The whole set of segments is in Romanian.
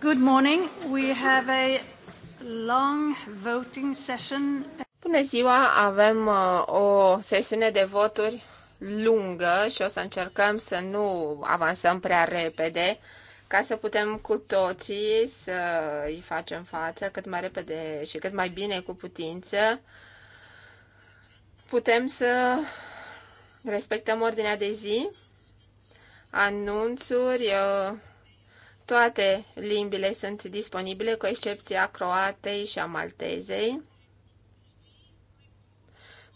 Good morning. We have a long voting session. Bună ziua, avem uh, o sesiune de voturi lungă și o să încercăm să nu avansăm prea repede ca să putem cu toții să îi facem față cât mai repede și cât mai bine cu putință. Putem să respectăm ordinea de zi, anunțuri, uh, toate limbile sunt disponibile, cu excepția croatei și a maltezei.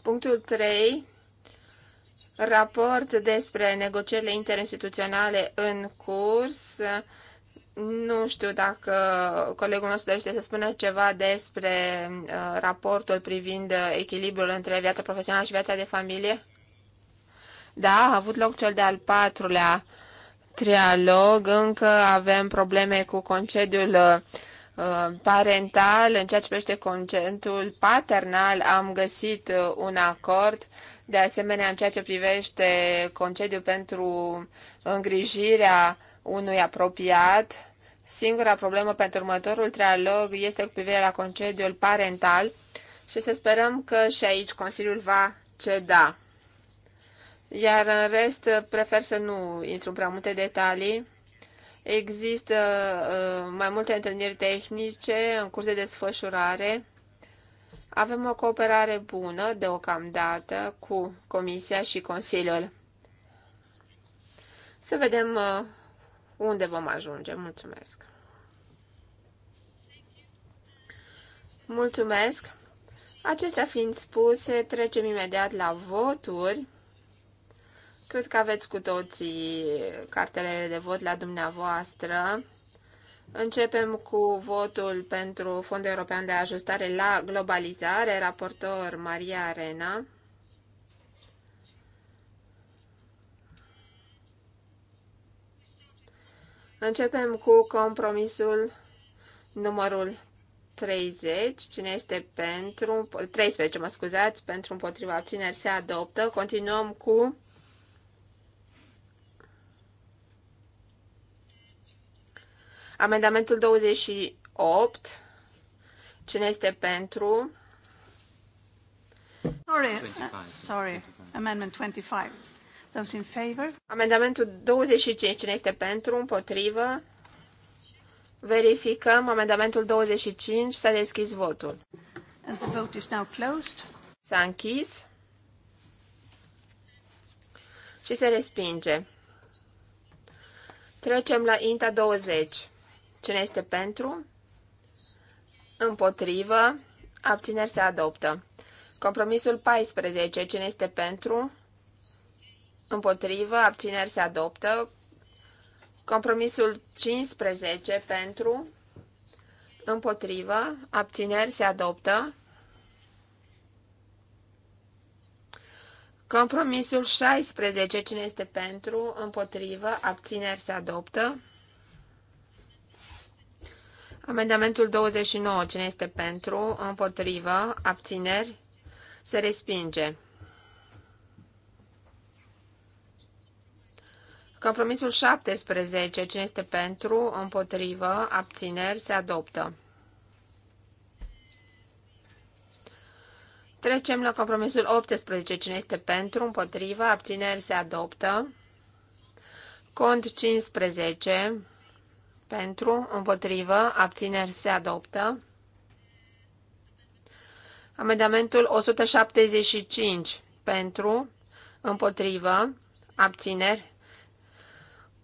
Punctul 3. Raport despre negocierile interinstituționale în curs. Nu știu dacă colegul nostru dorește să spună ceva despre uh, raportul privind echilibrul între viața profesională și viața de familie. Da, a avut loc cel de-al patrulea trialog încă avem probleme cu concediul uh, parental, în ceea ce privește concediul paternal am găsit uh, un acord, de asemenea în ceea ce privește concediu pentru îngrijirea unui apropiat. Singura problemă pentru următorul trialog este cu privire la concediul parental și să sperăm că și aici Consiliul va ceda. Iar în rest, prefer să nu intru în prea multe detalii. Există uh, mai multe întâlniri tehnice în curs de desfășurare. Avem o cooperare bună deocamdată cu Comisia și Consiliul. Să vedem uh, unde vom ajunge. Mulțumesc! Mulțumesc! Acestea fiind spuse, trecem imediat la voturi. Cred că aveți cu toții cartelele de vot la dumneavoastră. Începem cu votul pentru Fondul European de Ajustare la Globalizare, raportor Maria Arena. Începem cu compromisul numărul 30. Cine este pentru? 13, mă scuzați, pentru împotriva abțineri se adoptă. Continuăm cu Amendamentul 28. Cine este pentru? Sorry, uh, sorry. Amendment 25. Those in favor? Amendamentul 25. Cine este pentru? Împotrivă? Verificăm amendamentul 25. S-a deschis votul. And the vote is now closed. S-a închis și se respinge. Trecem la INTA 20. Cine este pentru? Împotrivă. Abțineri se adoptă. Compromisul 14. Cine este pentru? Împotrivă. Abțineri se adoptă. Compromisul 15. Pentru? Împotrivă. Abțineri se adoptă. Compromisul 16. Cine este pentru? Împotrivă. Abțineri se adoptă. Amendamentul 29. Cine este pentru? Împotrivă? Abțineri? Se respinge. Compromisul 17. Cine este pentru? Împotrivă? Abțineri? Se adoptă. Trecem la compromisul 18. Cine este pentru? Împotrivă? Abțineri? Se adoptă. Cont 15 pentru, împotrivă, abțineri se adoptă. Amendamentul 175 pentru, împotrivă, abțineri.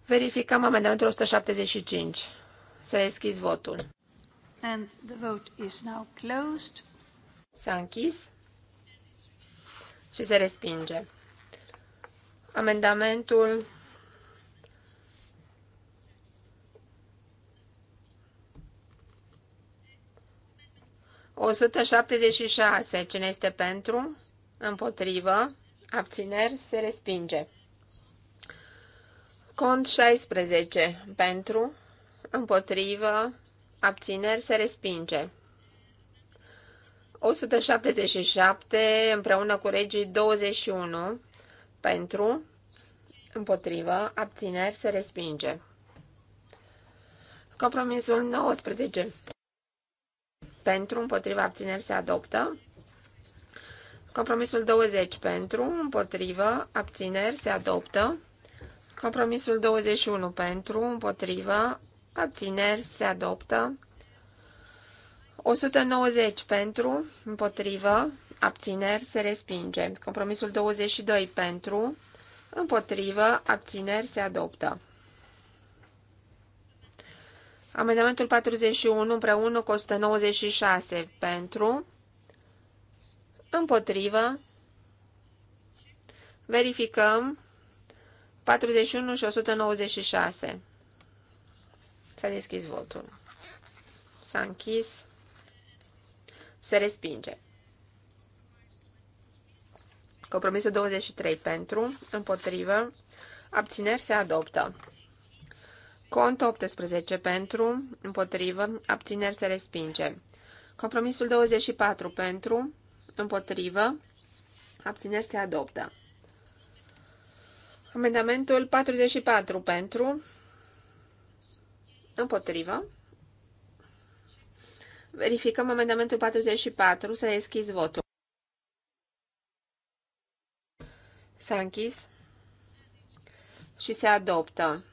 Verificăm amendamentul 175. Să deschis votul. And the vote is now closed. S-a închis și se respinge. Amendamentul 176. Cine este pentru? Împotrivă. Abțineri se respinge. Cont 16. Pentru. Împotrivă. Abțineri se respinge. 177 împreună cu regii 21 pentru, împotrivă, abțineri se respinge. Compromisul 19 pentru, împotriva abțineri se adoptă. Compromisul 20 pentru, împotrivă, abțineri se adoptă. Compromisul 21 pentru, împotrivă, abțineri se adoptă. 190 pentru, împotrivă, abțineri se respinge. Compromisul 22 pentru, împotrivă, abțineri se adoptă. Amendamentul 41 împreună cu 196 pentru, împotrivă, verificăm 41 și 196. S-a deschis votul. S-a închis. Se respinge. Compromisul 23 pentru, împotrivă, abțineri se adoptă. Cont 18 pentru, împotrivă, abțineri se respinge. Compromisul 24 pentru, împotrivă, abțineri se adoptă. Amendamentul 44 pentru, împotrivă. Verificăm amendamentul 44, S-a deschis votul. S-a închis și se adoptă.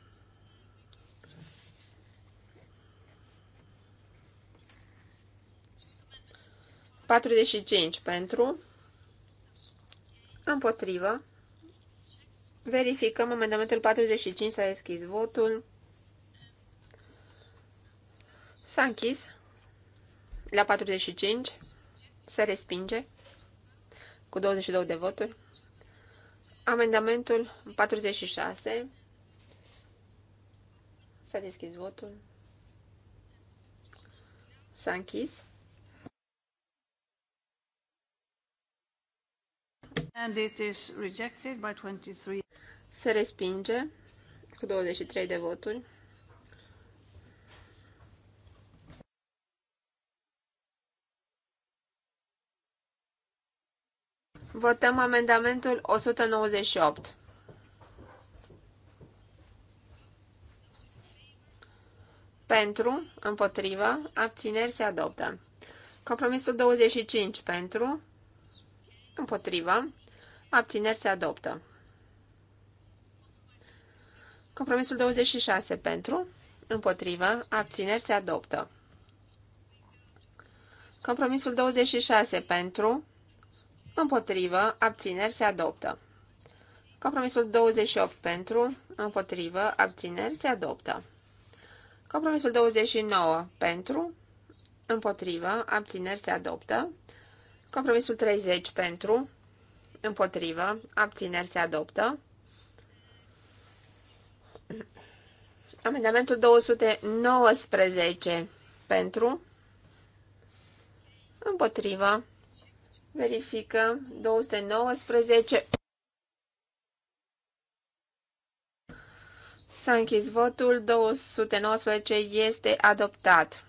45 pentru, împotrivă. Verificăm amendamentul 45, s-a deschis votul. S-a închis la 45, se respinge cu 22 de voturi. Amendamentul 46, s-a deschis votul, s-a închis And it is rejected by 23. Se respinge cu 23 de voturi. Votăm amendamentul 198. Pentru, împotrivă, abțineri se adoptă. Compromisul 25 pentru, împotrivă, Abțineri se adoptă. Compromisul 26 pentru, împotrivă, abțineri se adoptă. Compromisul 26 pentru, împotrivă, abțineri se adoptă. Compromisul 28 pentru, împotrivă, abțineri se adoptă. Compromisul 29 pentru, împotrivă, abțineri se adoptă. Compromisul 30 pentru, Împotrivă. Abțineri se adoptă. Amendamentul 219 pentru. Împotrivă. Verificăm. 219. S-a închis votul. 219 este adoptat.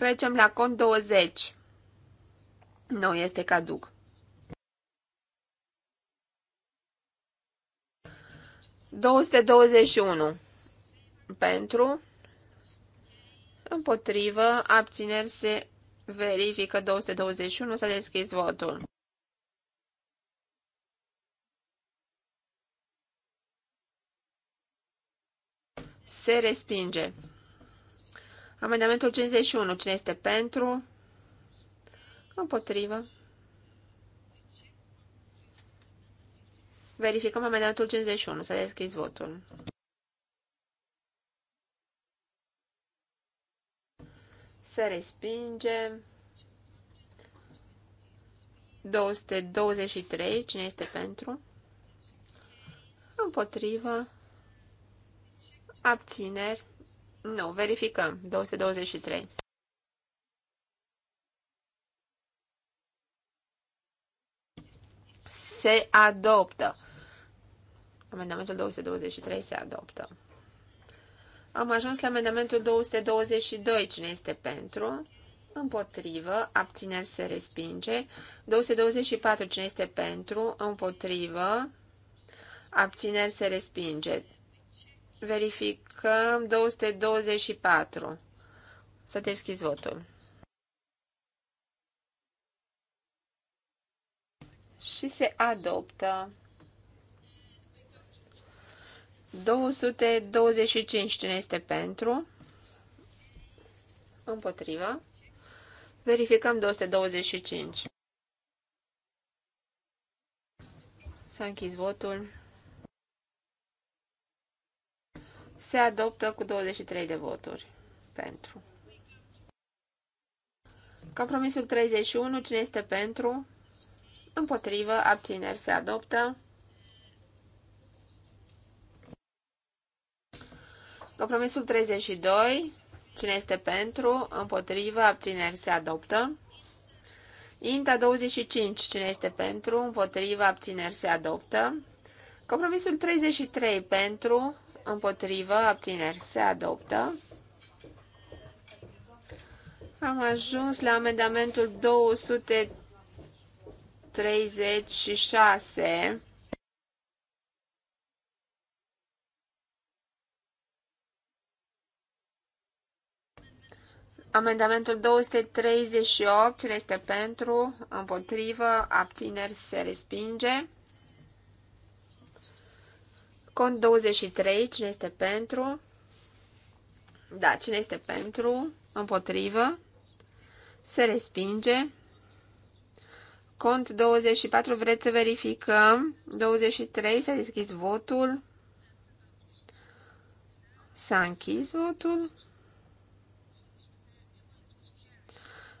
Trecem la cont 20. Nu este caduc. unu Pentru, împotrivă, abțineri se verifică 221, s-a deschis votul. Se respinge. Amendamentul 51. Cine este pentru? Împotrivă. Verificăm amendamentul 51. S-a deschis votul. Se respinge. 223. Cine este pentru? Împotrivă. Abțineri. Nu, verificăm. 223. Se adoptă. Amendamentul 223 se adoptă. Am ajuns la amendamentul 222. Cine este pentru? Împotrivă. Abțineri se respinge. 224. Cine este pentru? Împotrivă. Abțineri se respinge. Verificăm 224. Să deschizi votul. Și se adoptă 225. Cine este pentru? Împotrivă. Verificăm 225. S-a închis votul. se adoptă cu 23 de voturi pentru. Compromisul 31, cine este pentru? Împotrivă, abțineri se adoptă. Compromisul 32, cine este pentru? Împotrivă, abțineri se adoptă. INTA 25, cine este pentru? Împotrivă, abțineri se adoptă. Compromisul 33, pentru? împotrivă, abțineri, se adoptă. Am ajuns la amendamentul 236. Amendamentul 238, cine este pentru, împotrivă, abțineri, se respinge. Cont 23, cine este pentru? Da, cine este pentru? Împotrivă. Se respinge. Cont 24, vreți să verificăm? 23, s-a deschis votul. S-a închis votul.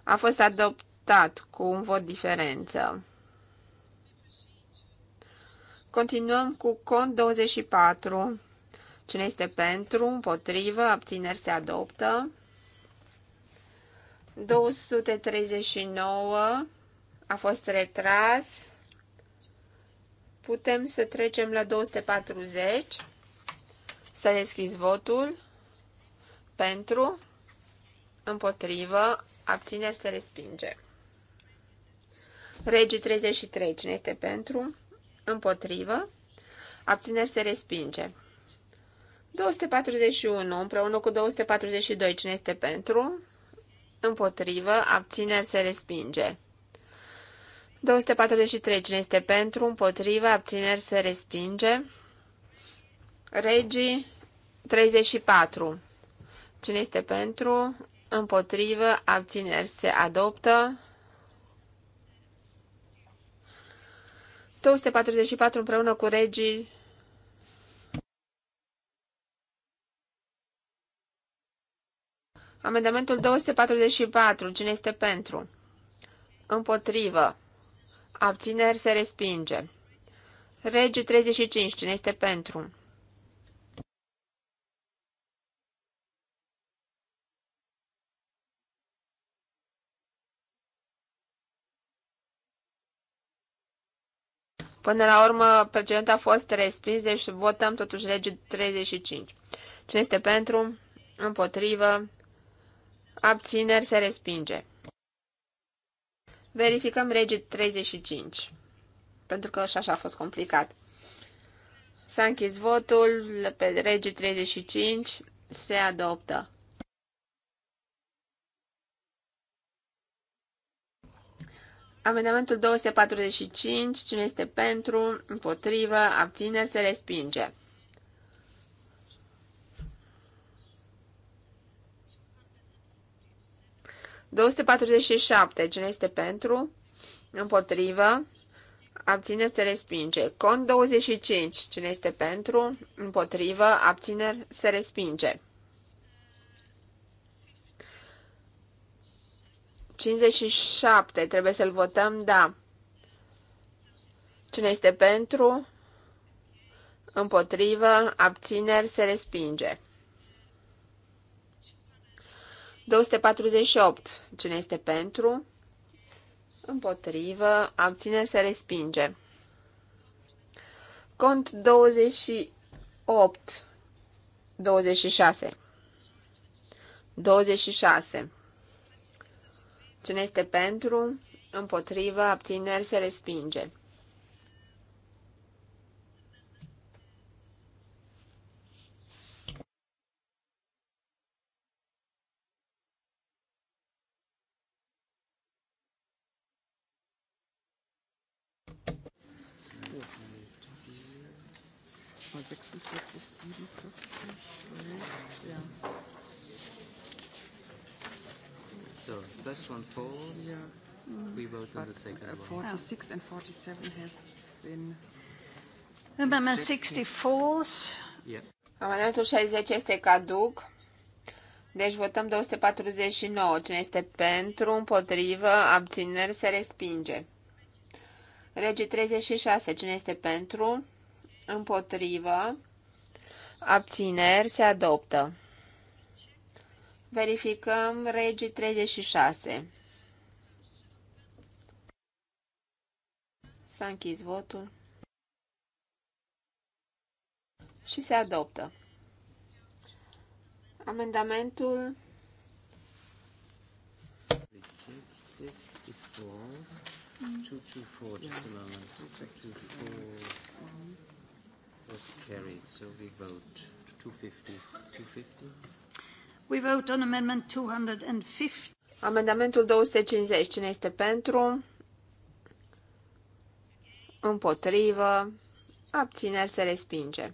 A fost adoptat cu un vot diferență. Continuăm cu cont 24. Cine este pentru, împotrivă, abțineri se adoptă. 239 a fost retras. Putem să trecem la 240. Să deschizi votul. Pentru, împotrivă, abțineri se respinge. Regii 33. Cine este pentru? Împotrivă. Abțineri se respinge. 241 împreună cu 242. Cine este pentru? Împotrivă. Abțineri se respinge. 243. Cine este pentru? Împotrivă. Abțineri se respinge. Regii 34. Cine este pentru? Împotrivă. Abțineri se adoptă. 244 împreună cu regii Amendamentul 244. Cine este pentru? Împotrivă. Abțineri se respinge. Regi 35. Cine este pentru? Până la urmă, precedentul a fost respins, deci votăm totuși lege 35. Cine este pentru? Împotrivă? Abțineri se respinge. Verificăm regi 35, pentru că și așa a fost complicat. S-a închis votul pe regi 35, se adoptă. Amendamentul 245, cine este pentru, împotrivă, abțineri, se respinge. ...247, cine este pentru, împotrivă, abțineri, se respinge. Cont 25, cine este pentru, împotrivă, abțineri, se respinge. 57. Trebuie să-l votăm, da. Cine este pentru? Împotrivă, abțineri, se respinge. 248. Cine este pentru? Împotrivă, abțineri, se respinge. Cont 28. 26. 26. Cine este pentru, împotrivă, abțineri, se respinge. first one falls. Yeah. We vote but on the second uh, one. 46 and 47 have been... Amendment 60 falls. Yeah. Amendmentul 60 este caduc. Deci votăm 249. Cine este pentru, împotrivă, abțineri, se respinge. Lege 36. Cine este pentru, împotrivă, abțineri, se adoptă. Verificăm regii 36. S-a închis votul. Și se adoptă. Amendamentul Mm. was carried, so we vote 250. 250? We vote on amendment 250. Amendamentul 250. Cine este pentru? Împotrivă. Abțineri se respinge.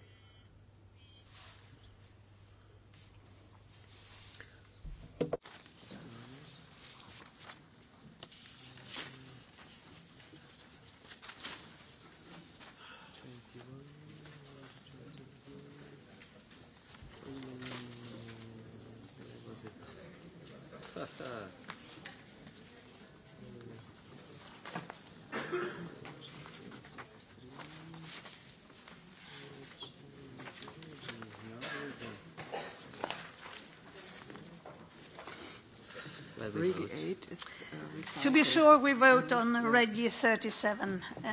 be sure we vote on Regi 37 uh,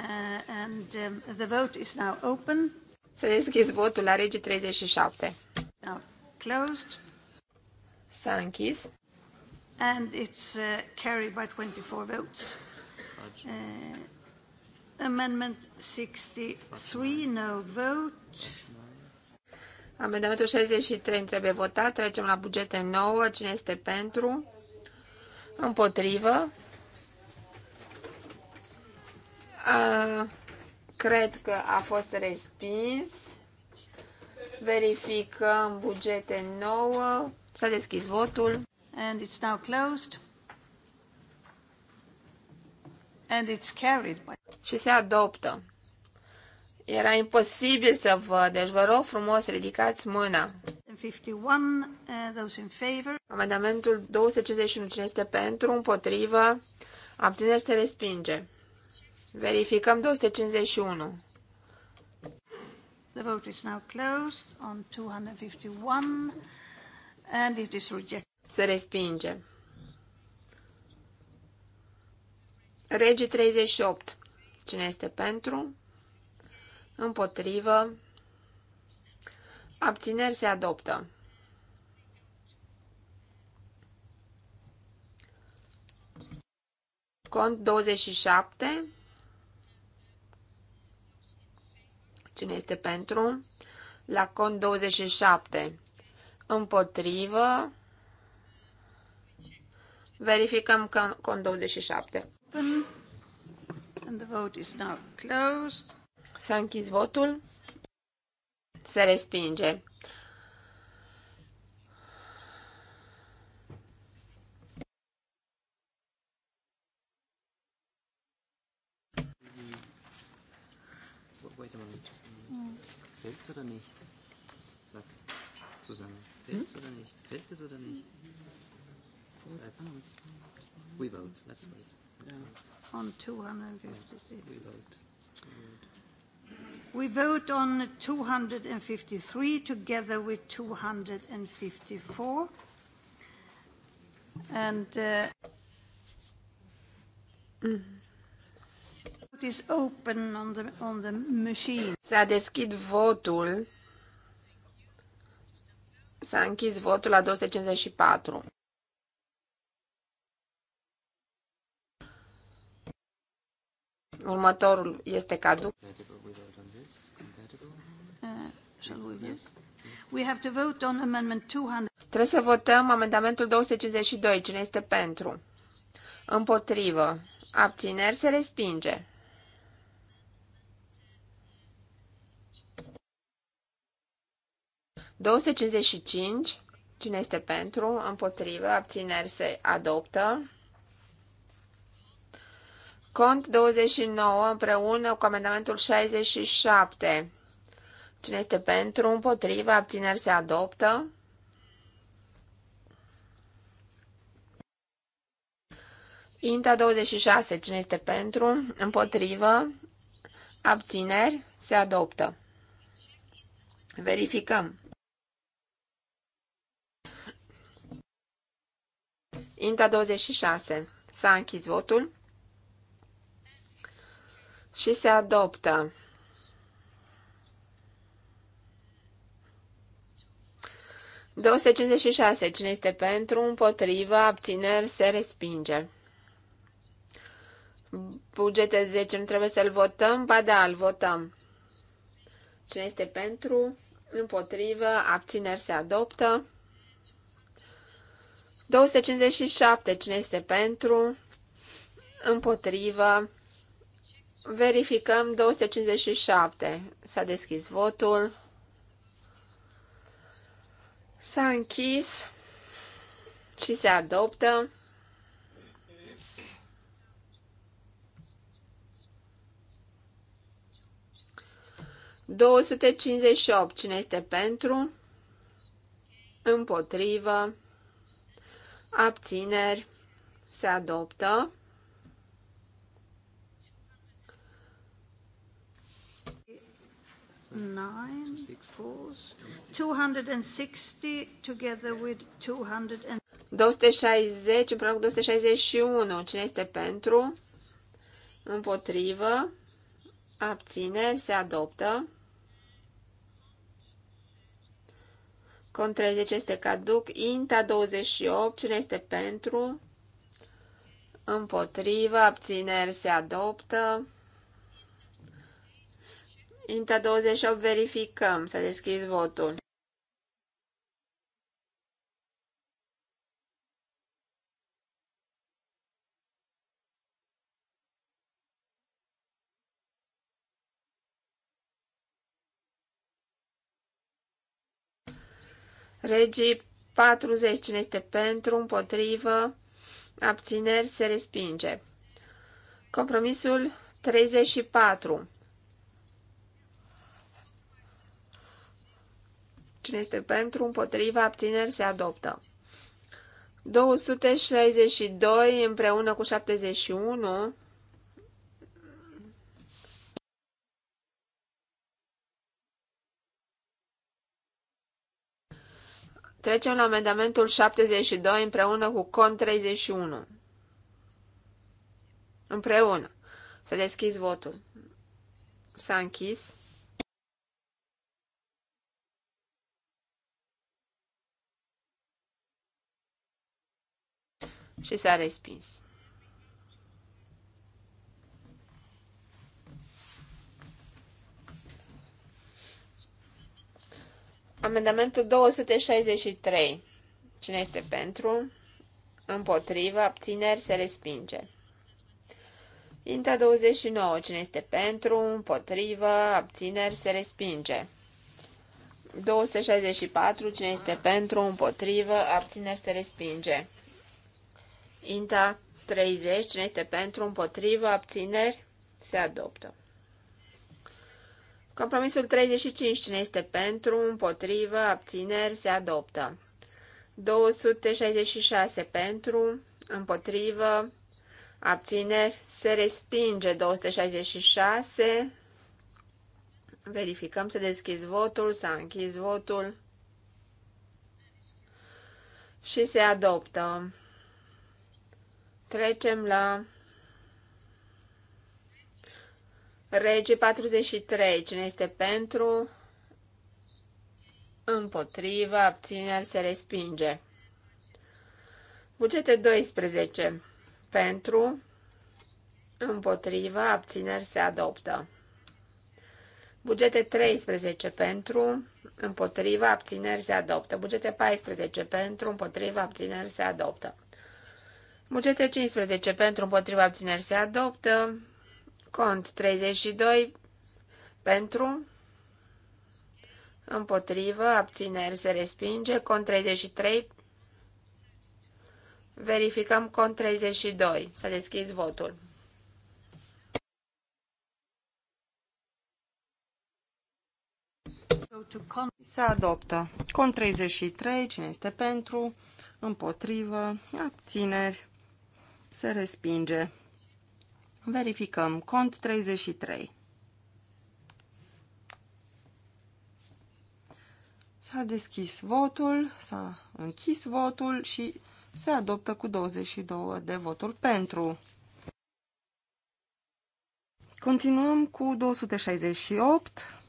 and um, the vote is now open. Să deschizi votul la Regi 37. Now closed. S-a închis. And it's uh, carried by 24 votes. Uh, amendment 63, no vote. Amendamentul 63 trebuie votat. Trecem la bugete 9. Cine este pentru? Împotrivă? Uh, cred că a fost respins. Verificăm bugete nouă. S-a deschis votul. And it's now closed. And it's carried by... Și se adoptă. Era imposibil să văd, deci vă rog frumos, ridicați mâna. 51, uh, those in favor. Amendamentul 251, cine este pentru, împotrivă, abțineri se respinge. Verificăm 251. The vote is now closed on 251 and it is rejected. Se respinge. Regi 38. Cine este pentru? Împotrivă. Abțineri se adoptă. Cont 27. Cine este pentru? La cont 27. Împotrivă. Verificăm că cont 27. And the vote is now closed. S-a închis votul. Se respinge. oder nicht? Sag, Susanne, fällt es hm? oder nicht? Fällt es oder nicht? we vote. Let's vote. Yeah. On 256. We vote. We vote on 253 together with 254. And. Uh, mm -hmm. S-a deschis votul. S-a închis votul la 254. Următorul este caduc. Uh, Trebuie să votăm amendamentul 252. Cine este pentru? Împotrivă. Abțineri se respinge. 255. Cine este pentru? Împotrivă. Abțineri se adoptă. Cont 29 împreună cu amendamentul 67. Cine este pentru? Împotrivă. Abțineri se adoptă. Inta 26. Cine este pentru? Împotrivă. Abțineri se adoptă. Verificăm. Inta 26. S-a închis votul și se adoptă. șase. Cine este pentru, împotrivă, abțineri, se respinge. Bugete 10, nu trebuie să-l votăm? Ba da, îl votăm. Cine este pentru, împotrivă, abțineri, se adoptă. 257. Cine este pentru? Împotrivă. Verificăm 257. S-a deschis votul. S-a închis și se adoptă. Două cine este pentru, împotrivă abțineri, se adoptă. Nine, falls. 260 together with and 260 împreună cu 261. Cine este pentru? Împotrivă. Abțineri se adoptă. Con 30 este caduc. Inta 28. Cine este pentru? Împotrivă. Abțineri se adoptă. Inta 28. Verificăm. S-a deschis votul. Regii 40. Cine este pentru, împotrivă, abțineri, se respinge. Compromisul 34. Cine este pentru, împotrivă, abțineri, se adoptă. 262 împreună cu 71 Trecem la amendamentul 72 împreună cu CON 31. Împreună. Să deschis votul. S-a închis. Și s-a respins. Amendamentul 263. Cine este pentru? Împotrivă, abțineri, se respinge. Inta 29. Cine este pentru? Împotrivă, abțineri, se respinge. 264. Cine este pentru? Împotrivă, abțineri, se respinge. Inta 30. Cine este pentru? Împotrivă, abțineri, se adoptă. Compromisul 35, cine este pentru, împotrivă, abțineri, se adoptă. 266 pentru, împotrivă, abțineri, se respinge. 266, verificăm, să deschizi votul, s-a închis votul și se adoptă. Trecem la Rege 43. Cine este pentru? Împotrivă. Abțineri se respinge. Bugete 12. Pentru. Împotrivă. Abțineri se adoptă. Bugete 13 pentru, împotriva, abțineri se adoptă. Bugete 14 pentru, împotriva, abțineri se adoptă. Bugete 15 pentru, împotriva, abțineri se adoptă. Cont 32 pentru, împotrivă, abțineri se respinge. Cont 33, verificăm cont 32. să deschizi votul. Se adoptă. Cont 33, cine este pentru, împotrivă, abțineri, se respinge. Verificăm. Cont 33. S-a deschis votul, s-a închis votul și se adoptă cu 22 de voturi pentru. Continuăm cu 268.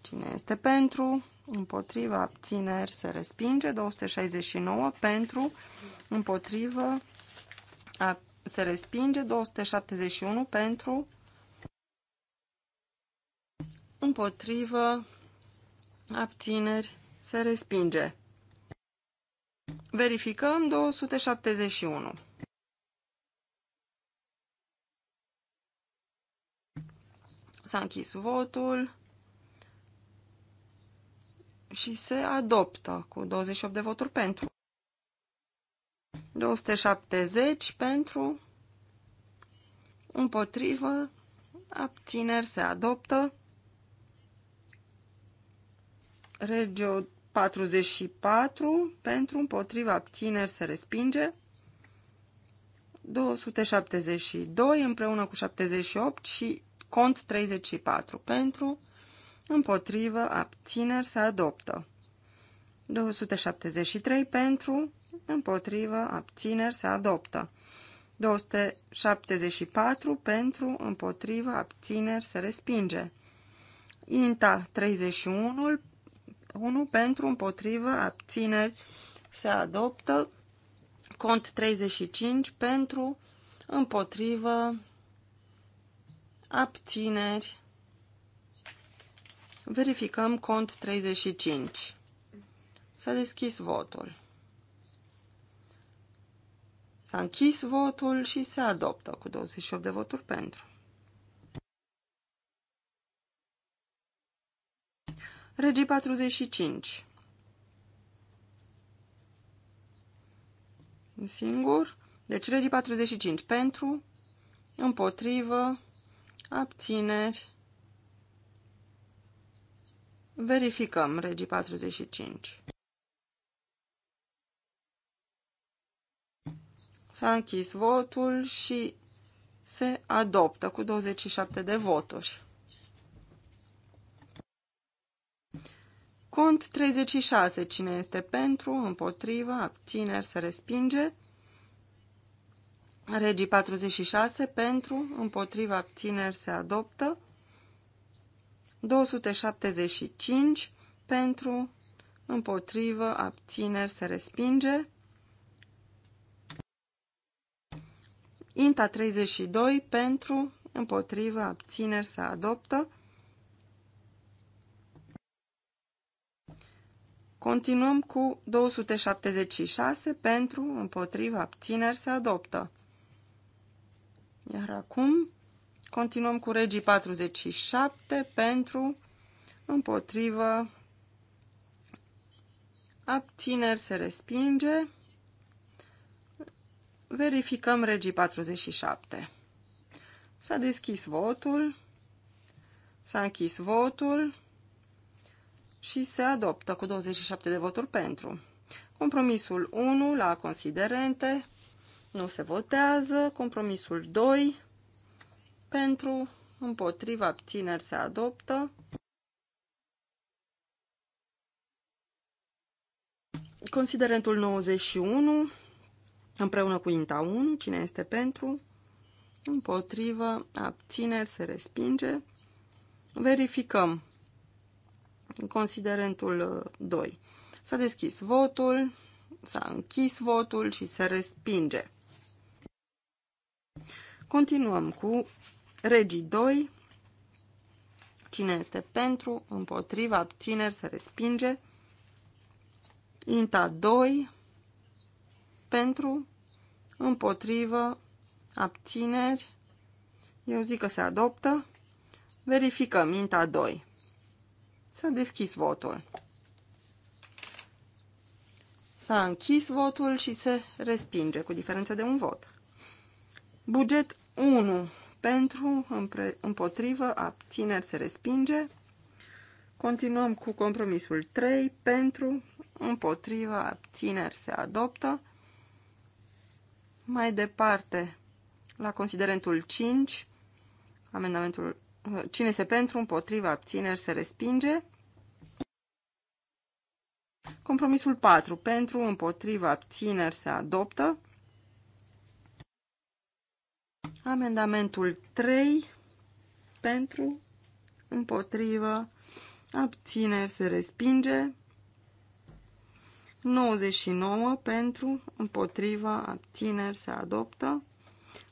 Cine este pentru? Împotriva abțineri, se respinge. 269 pentru, împotrivă, abțineri se respinge, 271 pentru, împotrivă, abțineri, se respinge. Verificăm 271. S-a închis votul și se adoptă cu 28 de voturi pentru. 270 pentru, împotrivă, abțineri se adoptă. Regio 44 pentru, împotrivă, abțineri se respinge. 272 împreună cu 78 și cont 34 pentru, împotrivă, abțineri se adoptă. 273 pentru, împotrivă, abțineri, se adoptă. 274 pentru, împotrivă, abțineri, se respinge. INTA 31 1 pentru, împotrivă, abțineri, se adoptă. Cont 35 pentru, împotrivă, abțineri. Verificăm cont 35. S-a deschis votul. S-a închis votul și se adoptă cu 28 de voturi pentru. Regii 45. Singur. Deci regii 45 pentru, împotrivă, abțineri. Verificăm regii 45. S-a închis votul și se adoptă cu 27 de voturi. Cont 36. Cine este pentru, împotrivă, abțineri, se respinge. Regii 46. Pentru, împotrivă, abțineri, se adoptă. 275. Pentru, împotrivă, abțineri, se respinge. INTA 32 pentru, împotrivă, abțineri să adoptă. Continuăm cu 276 pentru, împotrivă, abțineri să adoptă. Iar acum continuăm cu regii 47 pentru, împotrivă, abțineri se respinge. Verificăm regii 47. S-a deschis votul, s-a închis votul și se adoptă cu 27 de voturi pentru. Compromisul 1 la considerente nu se votează. Compromisul 2 pentru, împotriva, abțineri se adoptă. Considerentul 91 împreună cu INTA 1, cine este pentru, împotrivă, abțineri, se respinge. Verificăm considerentul 2. Uh, s-a deschis votul, s-a închis votul și se respinge. Continuăm cu regii 2. Cine este pentru, împotriva, abțineri, se respinge. Inta 2 pentru, împotrivă, abțineri, eu zic că se adoptă, Verifică minta 2. S-a deschis votul. S-a închis votul și se respinge cu diferență de un vot. Buget 1 pentru, împotrivă, abțineri se respinge. Continuăm cu compromisul 3 pentru, împotrivă, abțineri se adoptă. Mai departe, la considerentul 5, amendamentul uh, cine se pentru, împotriva, abțineri, se respinge. Compromisul 4, pentru, împotriva, abțineri, se adoptă. Amendamentul 3, pentru, împotriva, abțineri, se respinge. 99 pentru, împotriva, abțineri se adoptă.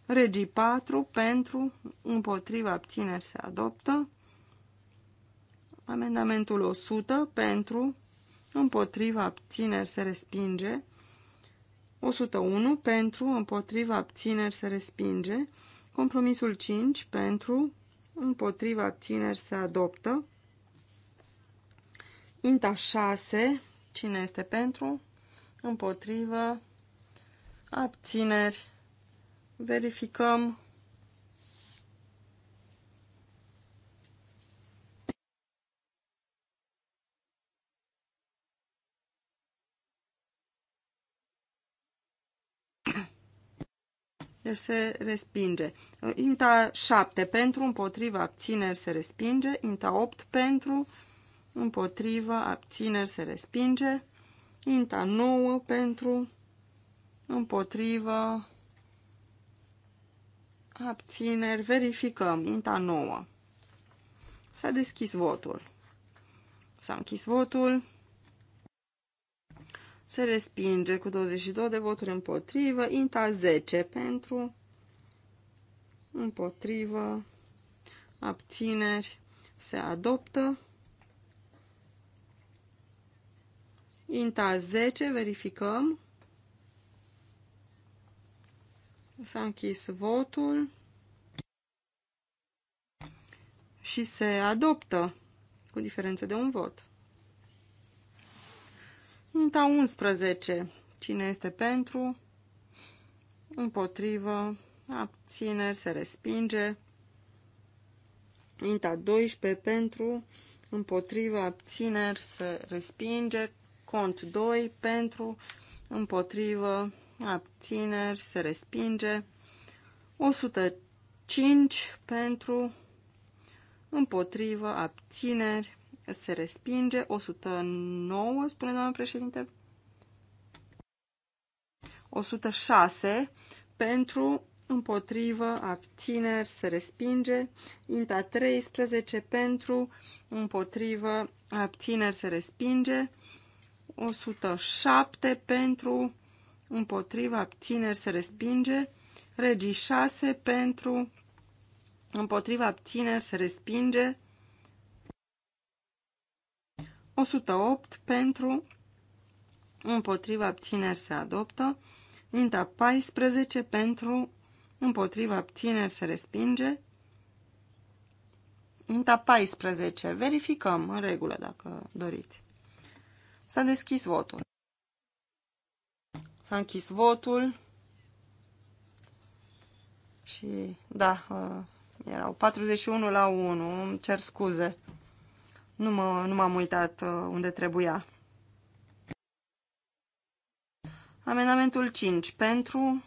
Regii 4 pentru, împotriva, abțineri se adoptă. Amendamentul 100 pentru, împotriva, abțineri se respinge. 101 pentru, împotriva, abțineri se respinge. Compromisul 5 pentru, împotriva, abțineri se adoptă. Inta 6 Cine este pentru? Împotrivă. Abțineri. Verificăm. Deci se respinge. Inta 7 pentru, împotriva, abțineri se respinge. Inta 8 pentru, împotrivă, abțineri se respinge. Inta 9 pentru, împotrivă, abțineri, verificăm. Inta 9. S-a deschis votul. S-a închis votul. Se respinge cu 22 de voturi împotrivă. Inta 10 pentru, împotrivă, abțineri, se adoptă. Inta 10, verificăm. S-a închis votul și se adoptă cu diferență de un vot. Inta 11. Cine este pentru? Împotrivă. Abțineri. Se respinge. Inta 12. Pentru. Împotrivă. Abțineri. Se respinge. Cont 2 pentru, împotrivă, abțineri, se respinge. 105 pentru, împotrivă, abțineri, se respinge. 109, spune doamna președinte. 106 pentru, împotrivă, abțineri, se respinge. Inta 13 pentru, împotrivă, abțineri, se respinge. 107 pentru, împotriva, abțineri se respinge. Regii 6 pentru, împotriva, abțineri se respinge. 108 pentru, împotriva, abțineri se adoptă. Inta 14 pentru, împotriva, abțineri se respinge. Inta 14. Verificăm în regulă dacă doriți. S-a deschis votul. S-a închis votul. Și, da, ă, erau 41 la 1, îmi cer scuze. Nu, m-am uitat ă, unde trebuia. Amendamentul 5. Pentru,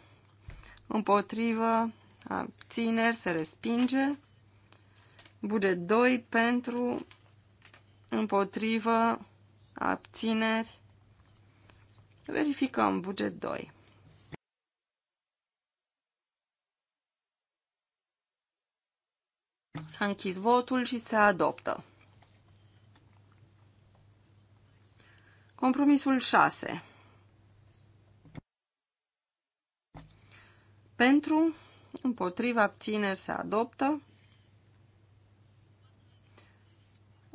împotrivă, abțineri, se respinge. Buget 2. Pentru, împotrivă, abțineri. Verificăm buget 2. S-a închis votul și se adoptă. Compromisul 6. Pentru, împotriva, abțineri se adoptă.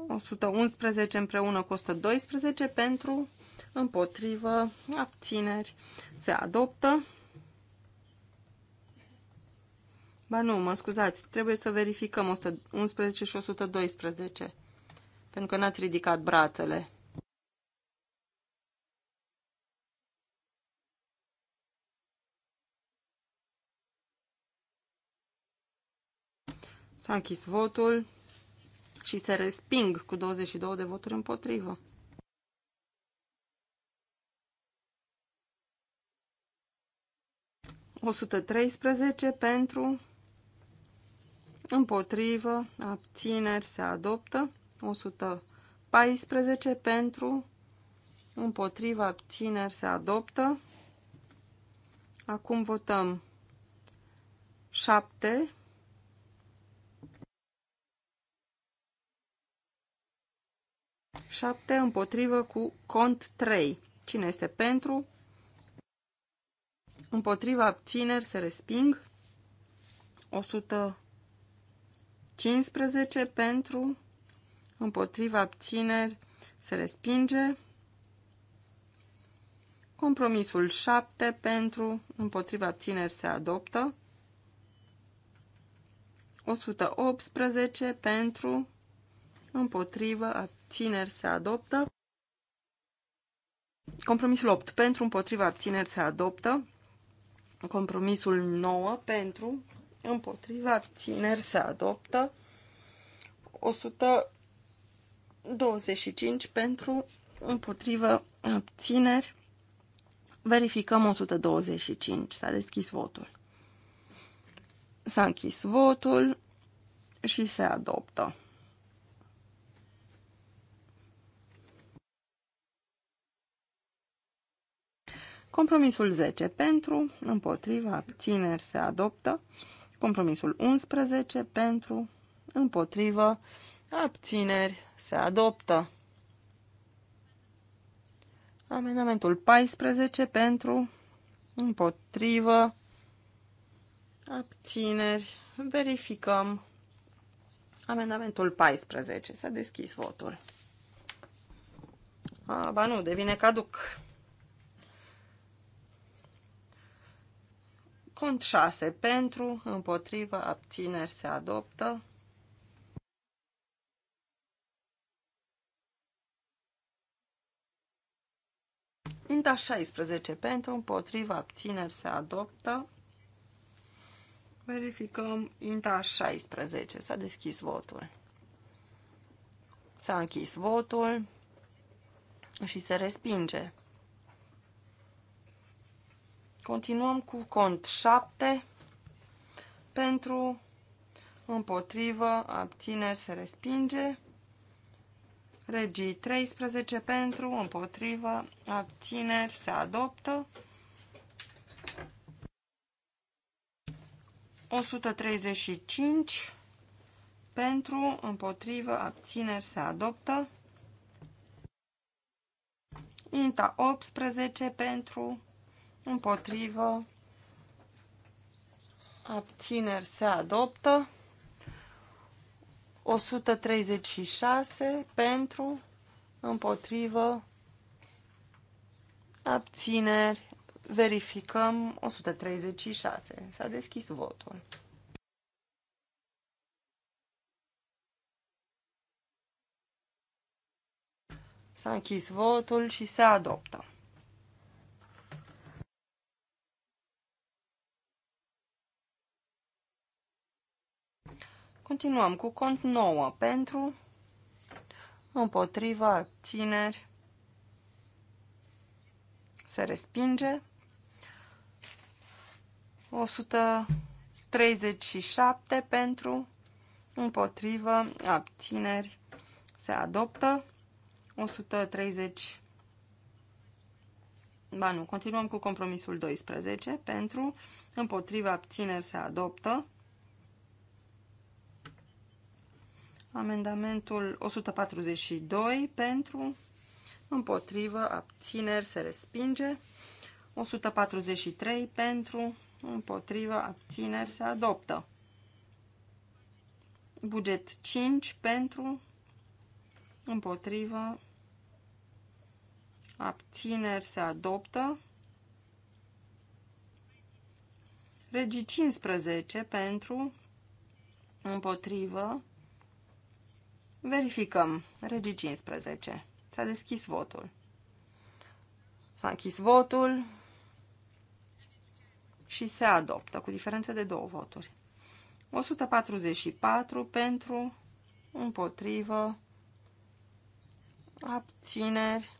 111 împreună cu 112 pentru, împotrivă, abțineri, se adoptă. Ba nu, mă scuzați, trebuie să verificăm 111 și 112, pentru că n-ați ridicat brațele. S-a închis votul și se resping cu 22 de voturi împotrivă. ...113 pentru, împotrivă, abțineri se adoptă, 114 pentru, împotrivă, abțineri se adoptă. Acum votăm 7 7 împotrivă cu cont 3. Cine este pentru? Împotriva abțineri se resping. 115 pentru. Împotriva abțineri se respinge. Compromisul 7 pentru. Împotriva abțineri se adoptă. 118 pentru. Împotrivă abțineri abțineri se adoptă. Compromisul 8 pentru, împotriva abțineri se adoptă. Compromisul 9 pentru, împotriva abțineri se adoptă. 125 pentru, împotriva abțineri. Verificăm 125. S-a deschis votul. S-a închis votul și se adoptă. Compromisul 10 pentru, împotriva, abțineri se adoptă. Compromisul 11 pentru, împotrivă, abțineri se adoptă. Amendamentul 14 pentru, împotrivă, abțineri, verificăm. Amendamentul 14. S-a deschis votul. A, ba nu, devine caduc. Cont 6 pentru, împotrivă, abțineri se adoptă. Inta 16 pentru, împotrivă, abțineri se adoptă. Verificăm Inta 16. S-a deschis votul. S-a închis votul și se respinge. Continuăm cu cont 7 pentru, împotrivă, abțineri se respinge. Regii 13 pentru, împotrivă, abțineri se adoptă. 135 pentru, împotrivă, abțineri se adoptă. Inta 18 pentru, împotrivă, abțineri se adoptă, 136 pentru, împotrivă, abțineri, verificăm 136. S-a deschis votul. S-a închis votul și se adoptă. Continuăm cu cont 9 pentru, împotriva, abțineri, se respinge. 137 pentru, împotrivă, abțineri, se adoptă. 130, ba nu, continuăm cu compromisul 12 pentru, împotriva, abțineri, se adoptă. Amendamentul 142 pentru, împotrivă, abțineri, se respinge. 143 pentru, împotrivă, abțineri, se adoptă. Buget 5 pentru, împotrivă, abțineri, se adoptă. Regii 15 pentru, împotrivă, Verificăm. Regi 15. S-a deschis votul. S-a închis votul și se adoptă cu diferență de două voturi. 144 pentru, împotrivă, abțineri.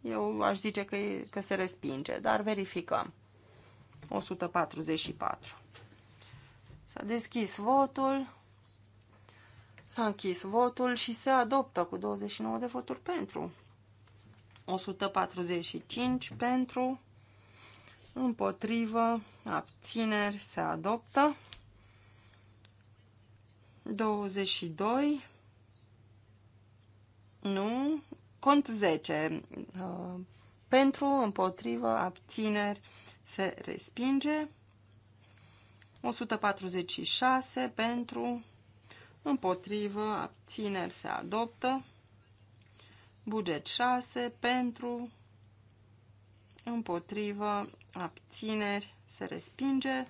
Eu aș zice că, e, că se respinge, dar verificăm. 144. S-a deschis votul. S-a închis votul și se adoptă cu 29 de voturi pentru. 145 pentru, împotrivă, abțineri, se adoptă. 22, nu, cont 10, uh, pentru, împotrivă, abțineri, se respinge. 146 pentru, împotrivă, abțineri se adoptă, buget 6 pentru, împotrivă, abțineri se respinge,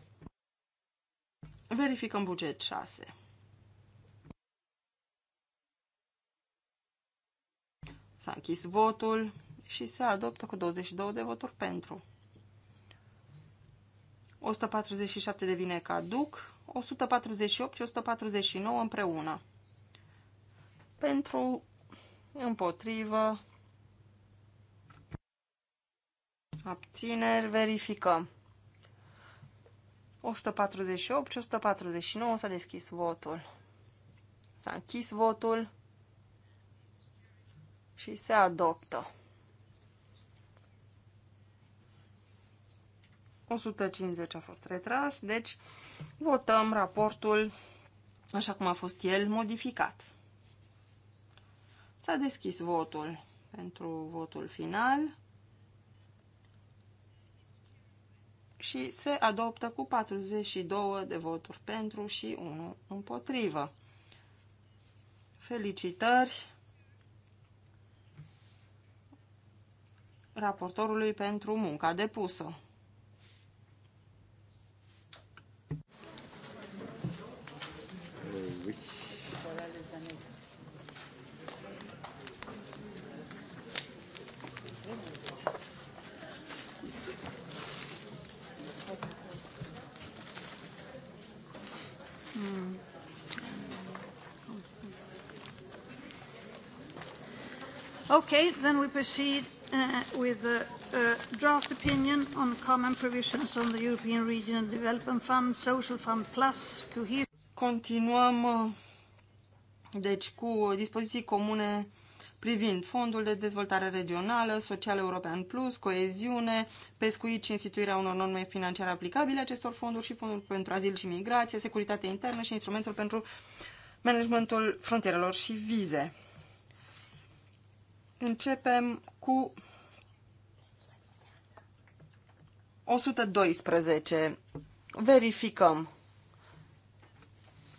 verificăm buget 6. S-a închis votul și se adoptă cu 22 de voturi pentru. 147 devine caduc, 148 și 149 împreună. Pentru, împotrivă, abțineri, verificăm. 148 și 149 s-a deschis votul. S-a închis votul și se adoptă. 150 a fost retras, deci votăm raportul așa cum a fost el modificat. S-a deschis votul pentru votul final și se adoptă cu 42 de voturi pentru și 1 împotrivă. Felicitări raportorului pentru munca depusă. Okay, then we proceed uh, with the uh, draft opinion on common provisions on the European Regional Development Fund, Social Fund Plus, Cohesion. Continuăm uh, deci cu dispoziții comune privind Fondul de Dezvoltare Regională, Social European Plus, Coeziune, pescuit și instituirea unor norme financiare aplicabile acestor fonduri și Fondul pentru Azil și Migrație, Securitate Internă și Instrumentul pentru Managementul Frontierelor și Vize. Începem cu 112. Verificăm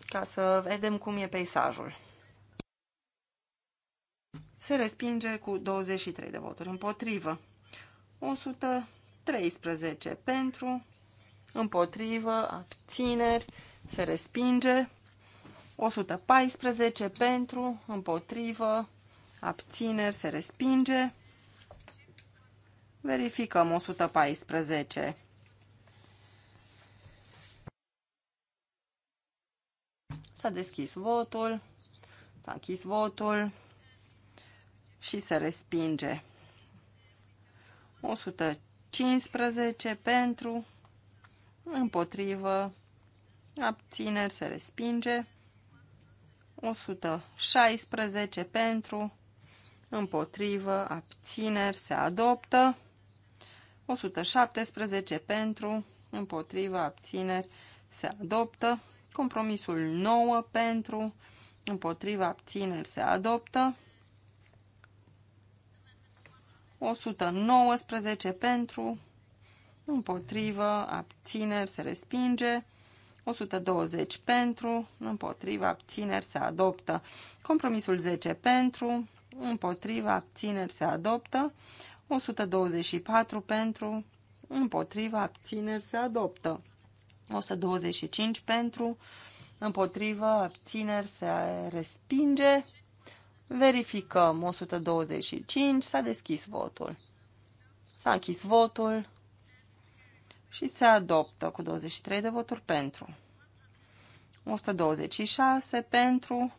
ca să vedem cum e peisajul. Se respinge cu 23 de voturi împotrivă. 113 pentru, împotrivă, abțineri, se respinge. 114 pentru, împotrivă, abțineri, se respinge. Verificăm 114. S-a deschis votul, s-a închis votul și se respinge. 115 pentru, împotrivă, abțineri, se respinge. 116 pentru, împotrivă, abțineri, se adoptă. 117 pentru, împotrivă, abțineri, se adoptă. Compromisul 9 pentru, împotrivă, abțineri se adoptă. 119 pentru, împotrivă, abțineri se respinge. 120 pentru, împotrivă, abțineri se adoptă. Compromisul 10 pentru, împotriva, abțineri se adoptă, 124 pentru, împotriva, abțineri se adoptă, 125 pentru, împotriva, abțineri se respinge, verificăm 125, s-a deschis votul. S-a închis votul și se adoptă cu 23 de voturi pentru. 126 pentru,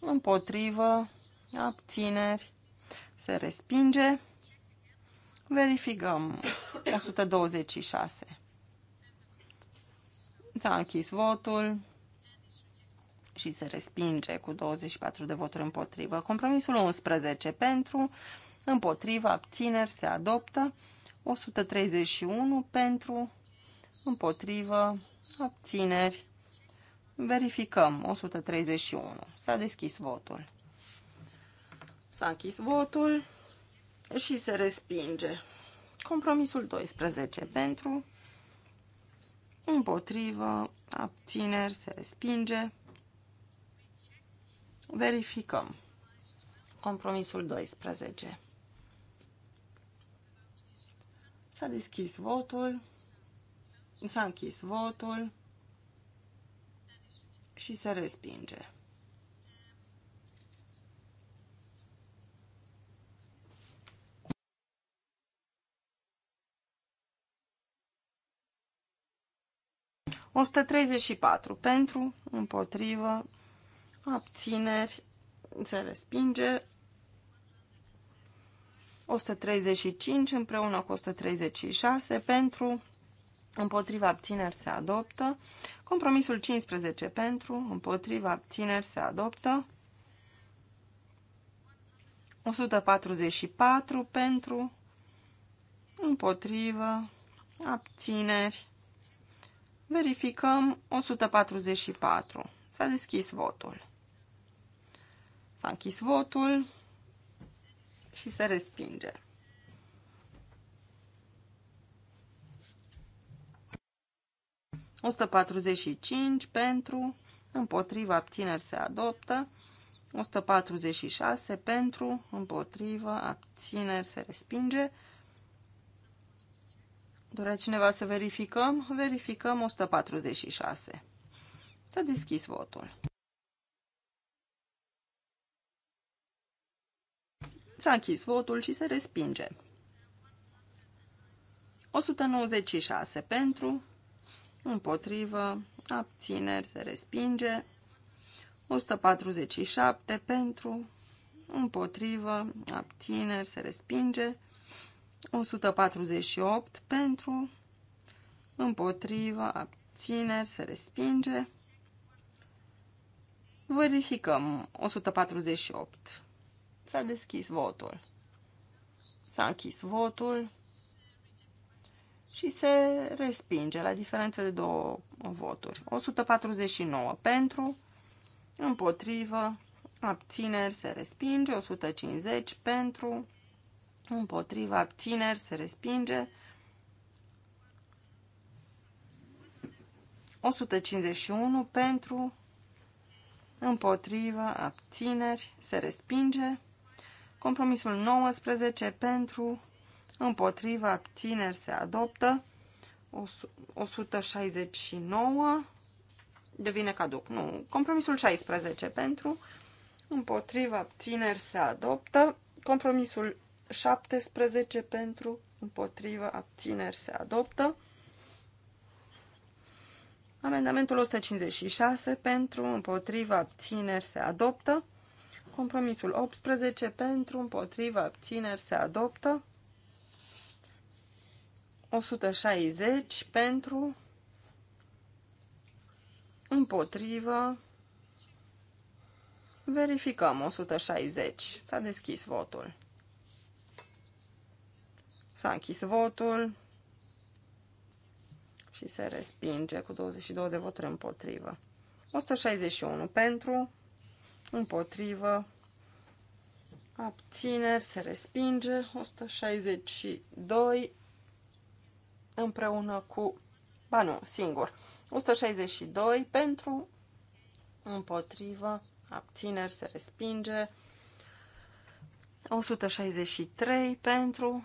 împotrivă, abțineri, se respinge. Verificăm 126. S-a închis votul și se respinge cu 24 de voturi împotrivă. Compromisul 11 pentru, împotrivă, abțineri, se adoptă. 131 pentru, împotrivă, abțineri. Verificăm 131. S-a deschis votul. S-a închis votul și se respinge. Compromisul 12 pentru, împotrivă, abțineri, se respinge. Verificăm. Compromisul 12. S-a deschis votul, s-a închis votul și se respinge. 134 pentru, împotrivă, abțineri, se respinge. 135 împreună cu 136 pentru, împotriva abțineri se adoptă. Compromisul 15 pentru, împotriva abțineri se adoptă. 144 pentru, împotrivă, abțineri, Verificăm 144. S-a deschis votul. S-a închis votul și se respinge. cinci pentru, împotriva abțineri se adoptă, 146 pentru, împotriva abțineri se respinge, Dorea cineva să verificăm? Verificăm 146. S-a deschis votul. S-a închis votul și se respinge. 196 pentru, împotrivă, abțineri, se respinge. 147 pentru, împotrivă, abțineri, se respinge. 148 pentru, împotriva, abțineri, se respinge. Verificăm 148. S-a deschis votul. S-a închis votul și se respinge la diferență de două voturi. 149 pentru, împotrivă, abțineri, se respinge, 150 pentru, împotriva abțineri se respinge. 151 pentru, împotriva abțineri, se respinge. Compromisul 19 pentru, împotriva abțineri, se adoptă. 169 devine caduc. Nu, compromisul 16 pentru, împotriva abțineri, se adoptă. Compromisul 17 pentru, împotrivă, abțineri se adoptă. Amendamentul 156 pentru, împotrivă, abțineri se adoptă. Compromisul 18 pentru, împotrivă, abțineri se adoptă. 160 pentru, împotrivă, verificăm 160. S-a deschis votul. S-a închis votul și se respinge cu 22 de voturi împotrivă. 161 pentru, împotrivă, abțineri, se respinge, 162 împreună cu, ba nu, singur, 162 pentru, împotrivă, abțineri, se respinge, 163 pentru,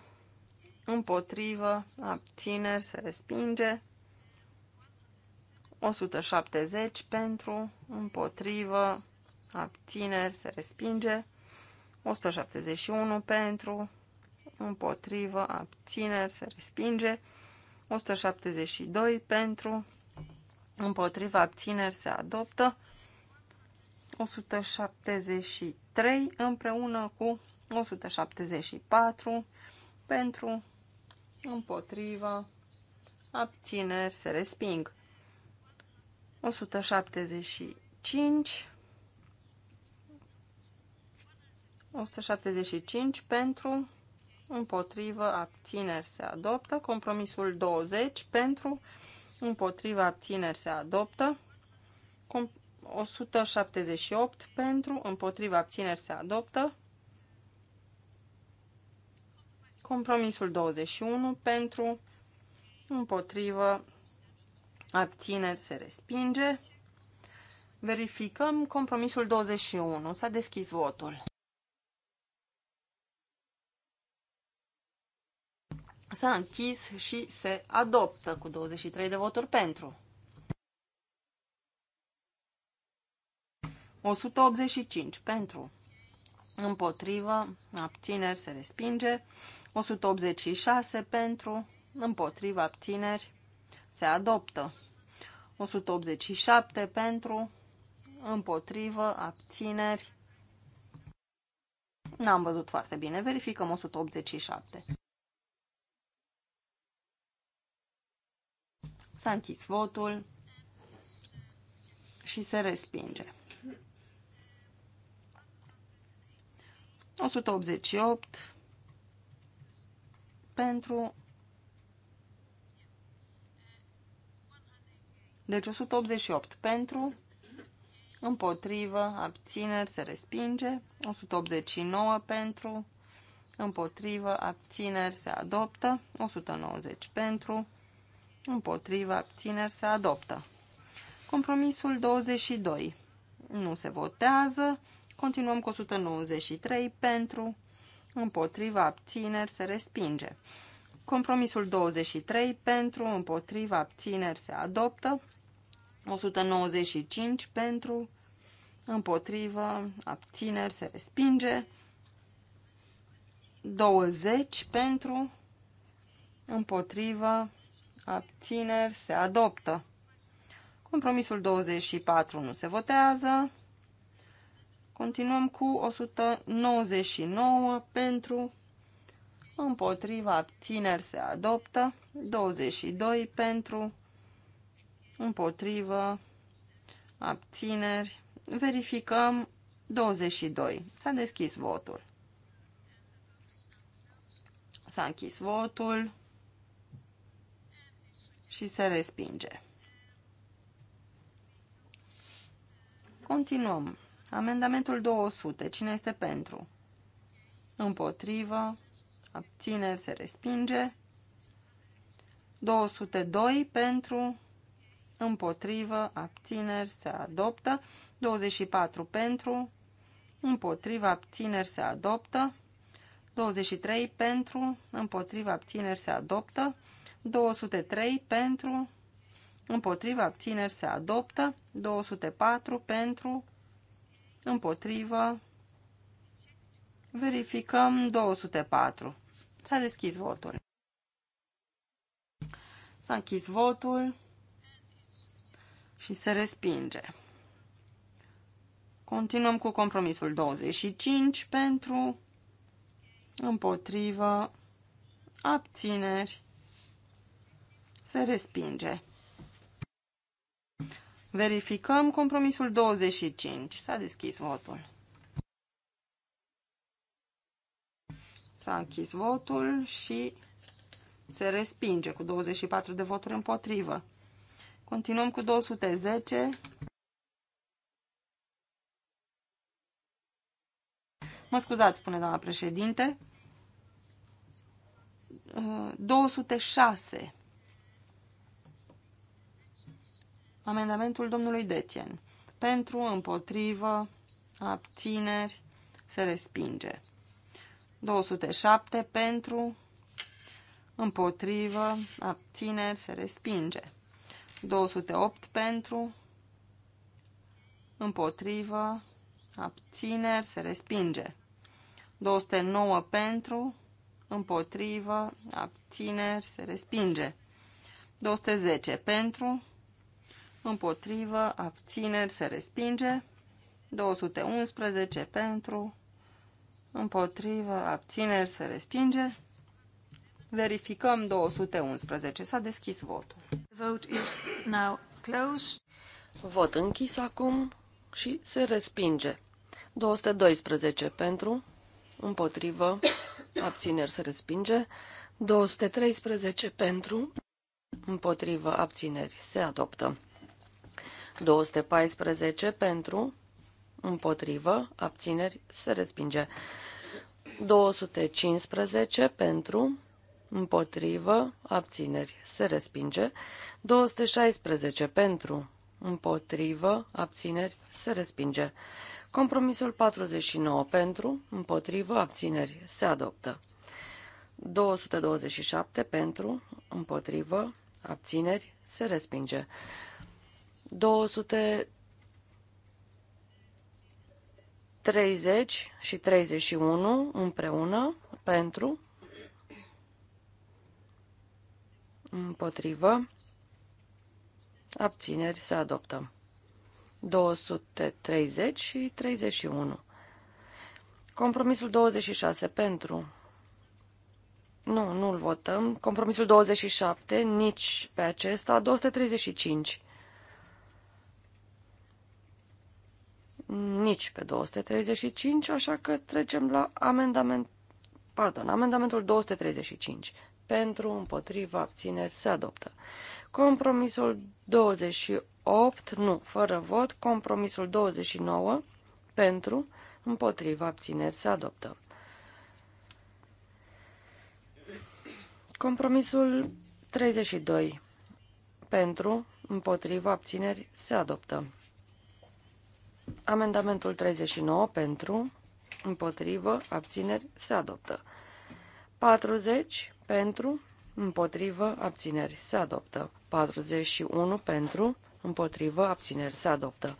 împotrivă, abțineri, se respinge. 170 pentru, împotrivă, abțineri, se respinge. 171 pentru, împotrivă, abțineri, se respinge. 172 pentru, împotrivă, abțineri, se adoptă. 173 împreună cu 174 pentru, împotrivă, abțineri, se resping. 175 175 pentru, împotrivă, abțineri se adoptă. Compromisul 20 pentru, împotrivă, abțineri se adoptă. 178 pentru, împotrivă, abțineri se adoptă. Compromisul 21 pentru, împotrivă, abțineri se respinge. Verificăm compromisul 21. S-a deschis votul. S-a închis și se adoptă cu 23 de voturi pentru. 185 pentru. Împotrivă, abțineri se respinge. 186 pentru, împotriva abțineri se adoptă. 187 pentru, împotrivă, abțineri. N-am văzut foarte bine, verificăm 187. S-a închis votul și se respinge. 188 pentru Deci 188 pentru, împotrivă, abțineri, se respinge. 189 pentru, împotrivă, abțineri, se adoptă. 190 pentru, împotrivă, abțineri, se adoptă. Compromisul 22 nu se votează. Continuăm cu 193 pentru, împotriva abțineri se respinge. Compromisul 23 pentru, împotriva abțineri se adoptă. 195 pentru, împotriva abțineri se respinge. 20 pentru, împotriva abțineri se adoptă. Compromisul 24 nu se votează. Continuăm cu 199 pentru, împotriva abțineri se adoptă, 22 pentru, împotrivă, abțineri, verificăm 22. S-a deschis votul. S-a închis votul și se respinge. Continuăm. Amendamentul 200. Cine este pentru? Împotrivă. Abțineri se respinge. 202 pentru. Împotrivă. Abțineri se adoptă. 24 pentru. Împotrivă. Abțineri se adoptă. 23 pentru. Împotrivă. Abțineri se adoptă. 203 pentru. Împotrivă. Abțineri se adoptă. 204 pentru împotrivă, verificăm 204. S-a deschis votul. S-a închis votul și se respinge. Continuăm cu compromisul 25 pentru, împotrivă, abțineri, se respinge. Verificăm compromisul 25. S-a deschis votul. S-a închis votul și se respinge cu 24 de voturi împotrivă. Continuăm cu 210. Mă scuzați, spune doamna președinte. 206. Uh, Amendamentul domnului Detien Pentru, împotrivă, abțineri, se respinge. 207 pentru, împotrivă, abțineri, se respinge. 208 pentru, împotrivă, abțineri, se respinge. 209 pentru, împotrivă, abțineri, se respinge. 210 pentru, împotrivă, abțineri, se respinge. 211 pentru, împotrivă, abțineri, se respinge. Verificăm 211. S-a deschis votul. Vote is now closed. Vot închis acum și se respinge. 212 pentru, împotrivă, abțineri se respinge. 213 pentru, împotrivă, abțineri se adoptă. 214 pentru, împotrivă, abțineri, se respinge. 215 pentru, împotrivă, abțineri, se respinge. 216 pentru, împotrivă, abțineri, se respinge. Compromisul 49 pentru, împotrivă, abțineri, se adoptă. 227 pentru, împotrivă, abțineri, se respinge. 230 și 31 împreună pentru împotrivă abțineri să adoptăm 230 și 31 compromisul 26 pentru nu, nu-l votăm. Compromisul 27, nici pe acesta. 235 nici pe 235, așa că trecem la amendament, pardon, amendamentul 235. Pentru, împotriva, abțineri, se adoptă. Compromisul 28, nu, fără vot, compromisul 29, pentru, împotriva, abțineri, se adoptă. Compromisul 32, pentru, împotriva, abțineri, se adoptă. Amendamentul 39 pentru, împotrivă, abțineri, se adoptă. 40 pentru, împotrivă, abțineri, se adoptă. 41 pentru, împotrivă, abțineri, se adoptă.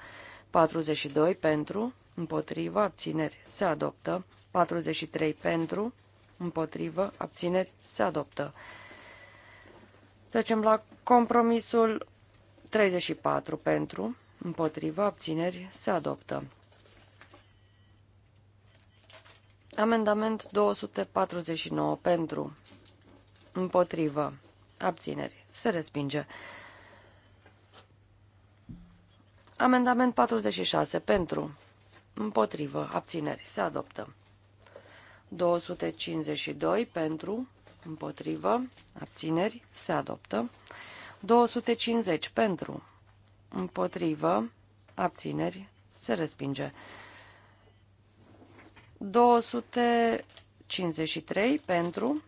42 pentru, împotrivă, abțineri, se adoptă. 43 pentru, împotrivă, abțineri, se adoptă. Trecem la compromisul 34 pentru, Împotrivă, abțineri, se adoptă. Amendament 249 pentru. Împotrivă, abțineri, se respinge. Amendament 46 pentru. Împotrivă, abțineri, se adoptă. 252 pentru. Împotrivă, abțineri, se adoptă. 250 pentru împotrivă, abțineri, se respinge. 253 pentru,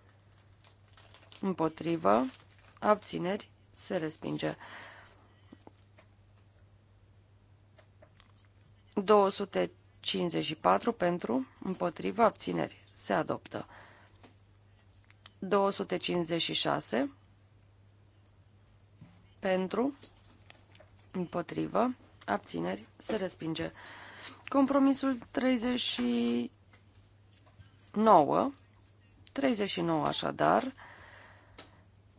împotrivă, abțineri, se respinge. 254 pentru, împotrivă, abțineri, se adoptă. 256 pentru, Împotrivă. Abțineri. Se respinge. Compromisul 39. 39 așadar.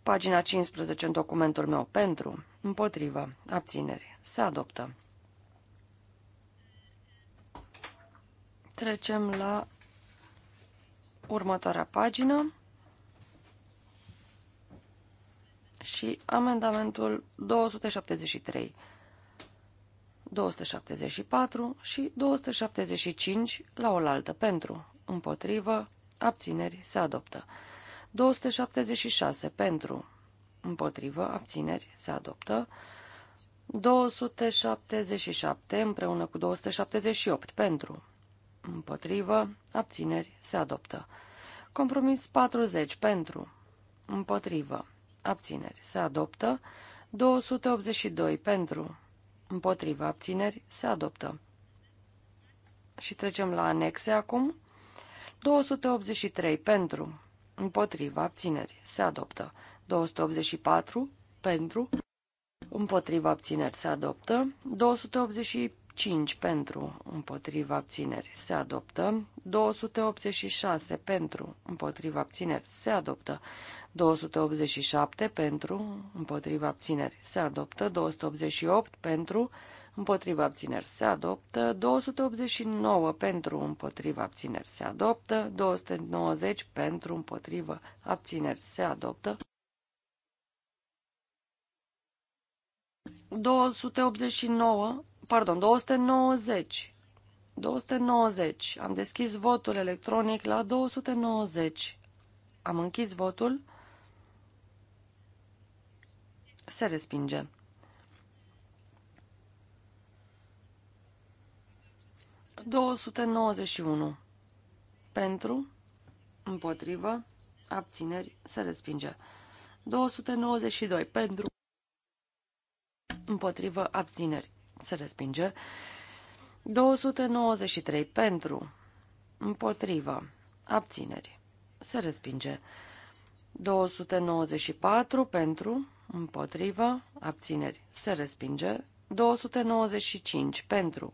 Pagina 15 în documentul meu. Pentru. Împotrivă. Abțineri. Se adoptă. Trecem la următoarea pagină. și amendamentul 273, 274 și 275 la oaltă pentru, împotrivă, abțineri se adoptă. 276 pentru, împotrivă, abțineri se adoptă. 277 împreună cu 278 pentru, împotrivă, abțineri se adoptă. Compromis 40 pentru, împotrivă, abțineri, se adoptă. 282 pentru, împotriva, abțineri, se adoptă. Și trecem la anexe acum. 283 pentru, împotriva, abțineri, se adoptă. 284 pentru, împotriva, abțineri, se adoptă. 285 pentru, împotriva, abțineri, se adoptă. 286 pentru, împotriva, abțineri, se adoptă. 287 pentru, împotriva abțineri se adoptă, 288 pentru, împotriva abțineri se adoptă, 289 pentru, împotriva abțineri se adoptă, 290 pentru, împotriva abțineri se adoptă, 289, pardon, 290 290. Am deschis votul electronic la 290. Am închis votul. Se respinge. unu Pentru, împotrivă, abțineri, se respinge. 292. Pentru, împotrivă, abțineri, se respinge. 293. Pentru, împotrivă, abțineri, se respinge. 294 pentru, împotrivă, abțineri, se respinge. 295 pentru,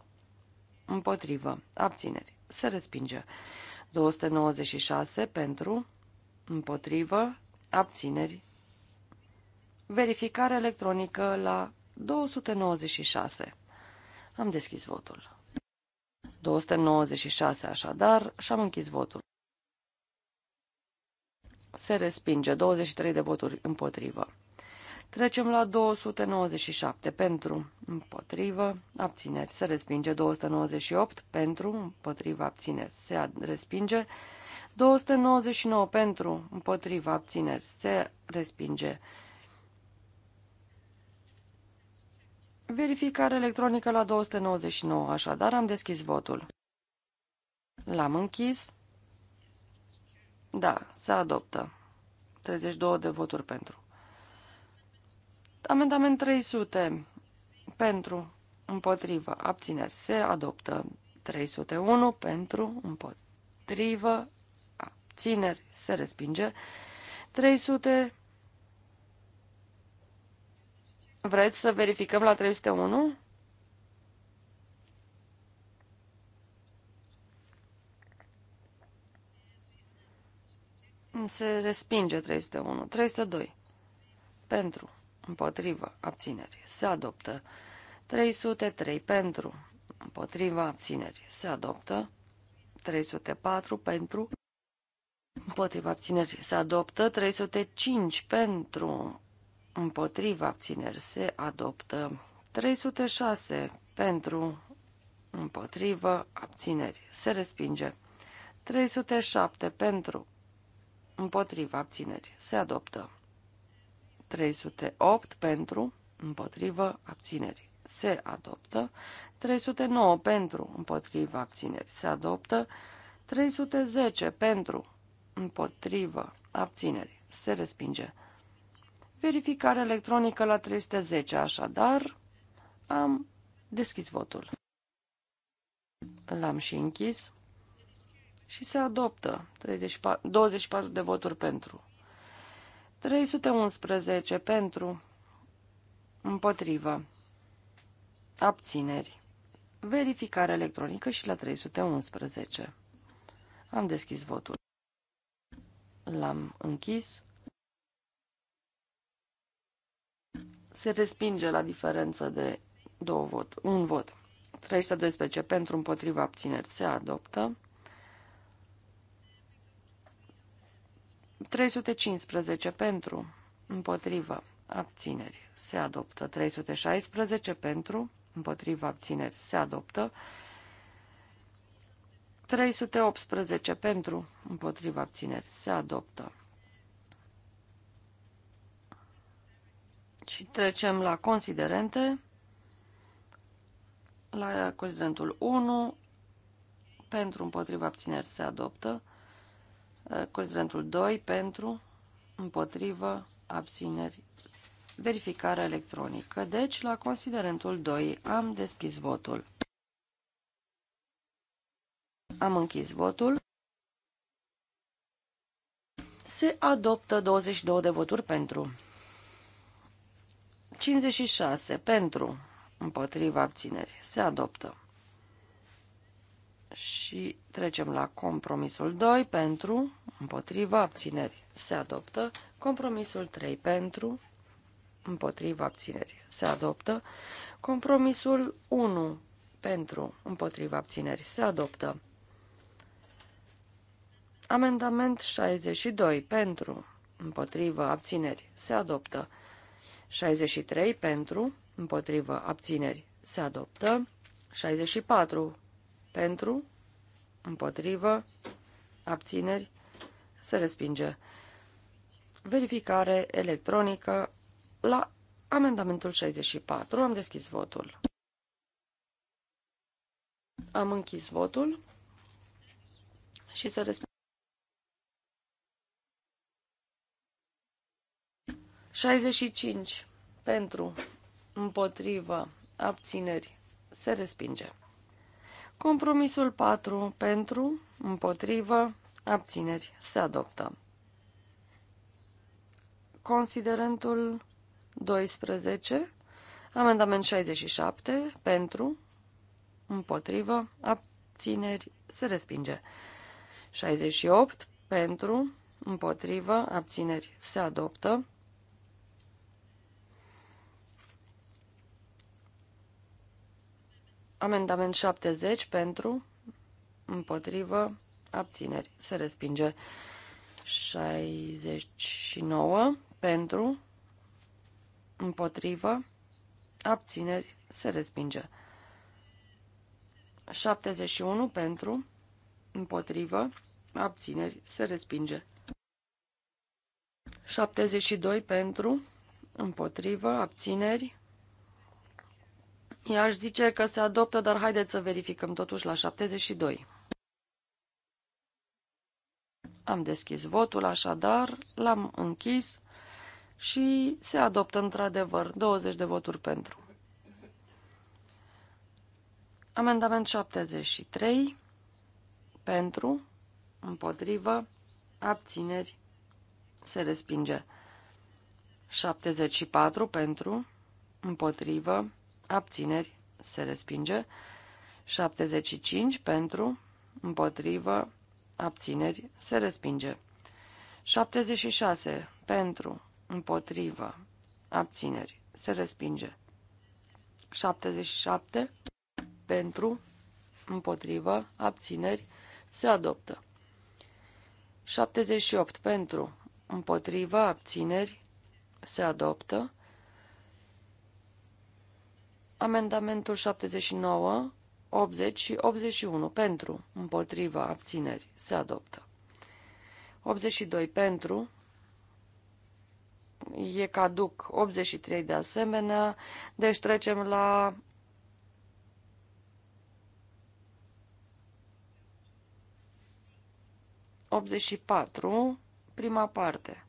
împotrivă, abțineri, se respinge. 296 pentru, împotrivă, abțineri. Verificare electronică la 296. Am deschis votul. 296 așadar și am închis votul. Se respinge 23 de voturi împotrivă. Trecem la 297 pentru, împotrivă, abțineri, se respinge. 298 pentru, împotrivă, abțineri, se respinge. 299 pentru, împotrivă, abțineri, se respinge. Verificare electronică la 299, așadar am deschis votul. L-am închis. Da, se adoptă. 32 de voturi pentru. Amendament 300 pentru, împotrivă, abțineri se adoptă. 301 pentru, împotrivă, abțineri se respinge. 300 Vreți să verificăm la 301? Se respinge 301. 302. Pentru împotrivă, abțineri, se adoptă. 303 pentru, împotrivă, abțineri, se adoptă. 304 pentru, împotrivă, abțineri, se adoptă. 305 pentru, împotrivă, abțineri, se adoptă. 306 pentru, împotrivă, abțineri, se respinge. 307 pentru, împotrivă, abțineri, se adoptă. 308 pentru, împotrivă, abțineri. Se adoptă. 309 pentru, împotrivă, abțineri. Se adoptă. 310 pentru, împotrivă, abțineri. Se respinge. Verificare electronică la 310, așadar am deschis votul. L-am și închis și se adoptă 34, 24 de voturi pentru. 311 pentru, împotrivă, abțineri, verificare electronică și la 311. Am deschis votul. L-am închis. Se respinge la diferență de două vot, un vot. 312 pentru împotriva abțineri se adoptă. 315 pentru, împotrivă, abțineri, se adoptă. 316 pentru, împotrivă, abțineri, se adoptă. 318 pentru, împotriva abțineri, se adoptă. Și trecem la considerente, la considerentul 1, pentru împotriva abțineri se adoptă, Uh, considerentul 2 pentru, împotrivă, abțineri, verificare electronică. Deci, la considerentul 2 am deschis votul. Am închis votul. Se adoptă 22 de voturi pentru. 56 pentru, împotriva abțineri. Se adoptă. Și trecem la compromisul 2 pentru, împotriva, abțineri, se adoptă. Compromisul 3 pentru, împotriva, abțineri, se adoptă. Compromisul 1 pentru, împotriva, abțineri, se adoptă. Amendament 62 pentru, împotriva abțineri, se adoptă. 63 pentru, împotriva abțineri, se adoptă. 64 pentru, împotrivă, abțineri, se respinge. Verificare electronică la amendamentul 64. Am deschis votul. Am închis votul și se respinge. 65 pentru, împotrivă, abțineri, se respinge. Compromisul 4 pentru, împotrivă, abțineri se adoptă. Considerentul 12, amendament 67 pentru, împotrivă, abțineri se respinge. 68 pentru, împotrivă, abțineri se adoptă. Amendament 70 pentru, împotrivă, abțineri. Se respinge 69 pentru, împotrivă, abțineri. Se respinge 71 pentru, împotrivă, abțineri. Se respinge 72 pentru, împotrivă, abțineri. Eu aș zice că se adoptă, dar haideți să verificăm totuși la 72. Am deschis votul, așadar, l-am închis și se adoptă într-adevăr 20 de voturi pentru. Amendament 73 pentru, împotrivă, abțineri, se respinge. 74 pentru, împotrivă, abțineri, se respinge. 75 pentru, împotrivă, abțineri, se respinge. 76 pentru, împotrivă, abțineri, se respinge. 77 pentru, împotrivă, abțineri, se adoptă. 78 pentru, împotrivă, abțineri, se adoptă. Amendamentul 79, 80 și 81 pentru, împotriva, abțineri, se adoptă. 82 pentru, e caduc 83 de asemenea, deci trecem la 84 prima parte.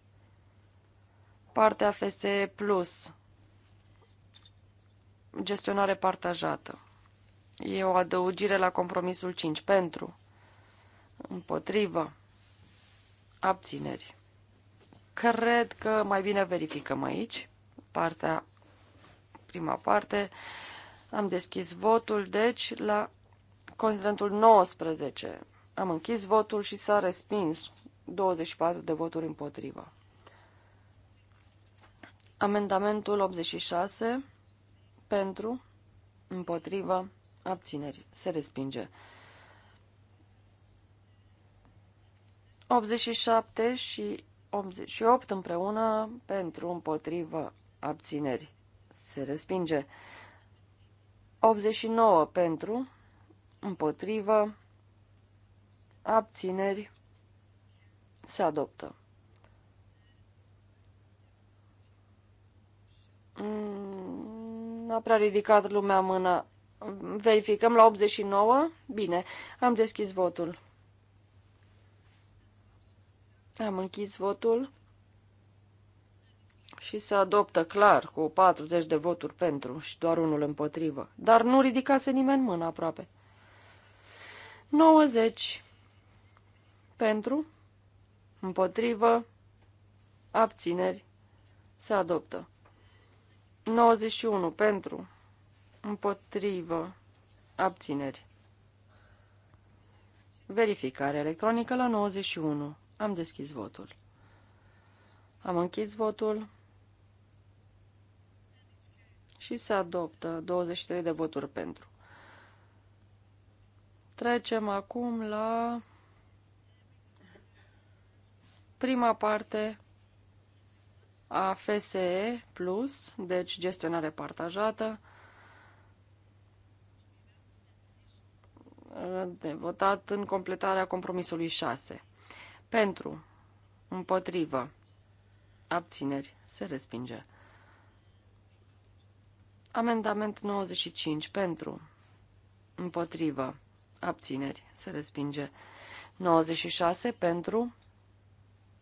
Partea FSE plus Gestionare partajată. E o adăugire la compromisul 5. Pentru. Împotrivă. Abțineri. Cred că mai bine verificăm aici. Partea, prima parte. Am deschis votul, deci, la considerentul 19. Am închis votul și s-a respins 24 de voturi împotriva. Amendamentul 86 pentru, împotrivă, abțineri, se respinge. 87 și 88 împreună, pentru, împotrivă, abțineri, se respinge. 89 pentru, împotrivă, abțineri, se adoptă. Mm N-a prea ridicat lumea mâna. Verificăm la 89? Bine, am deschis votul. Am închis votul și se adoptă clar cu 40 de voturi pentru și doar unul împotrivă. Dar nu ridicase nimeni mâna aproape. 90 pentru, împotrivă, abțineri, se adoptă. 91 pentru, împotrivă, abțineri. Verificare electronică la 91. Am deschis votul. Am închis votul și se adoptă 23 de voturi pentru. Trecem acum la prima parte a FSE Plus, deci gestionare partajată, de votat în completarea compromisului 6. Pentru, împotrivă, abțineri, se respinge. Amendament 95 pentru, împotrivă, abțineri, se respinge. 96 pentru,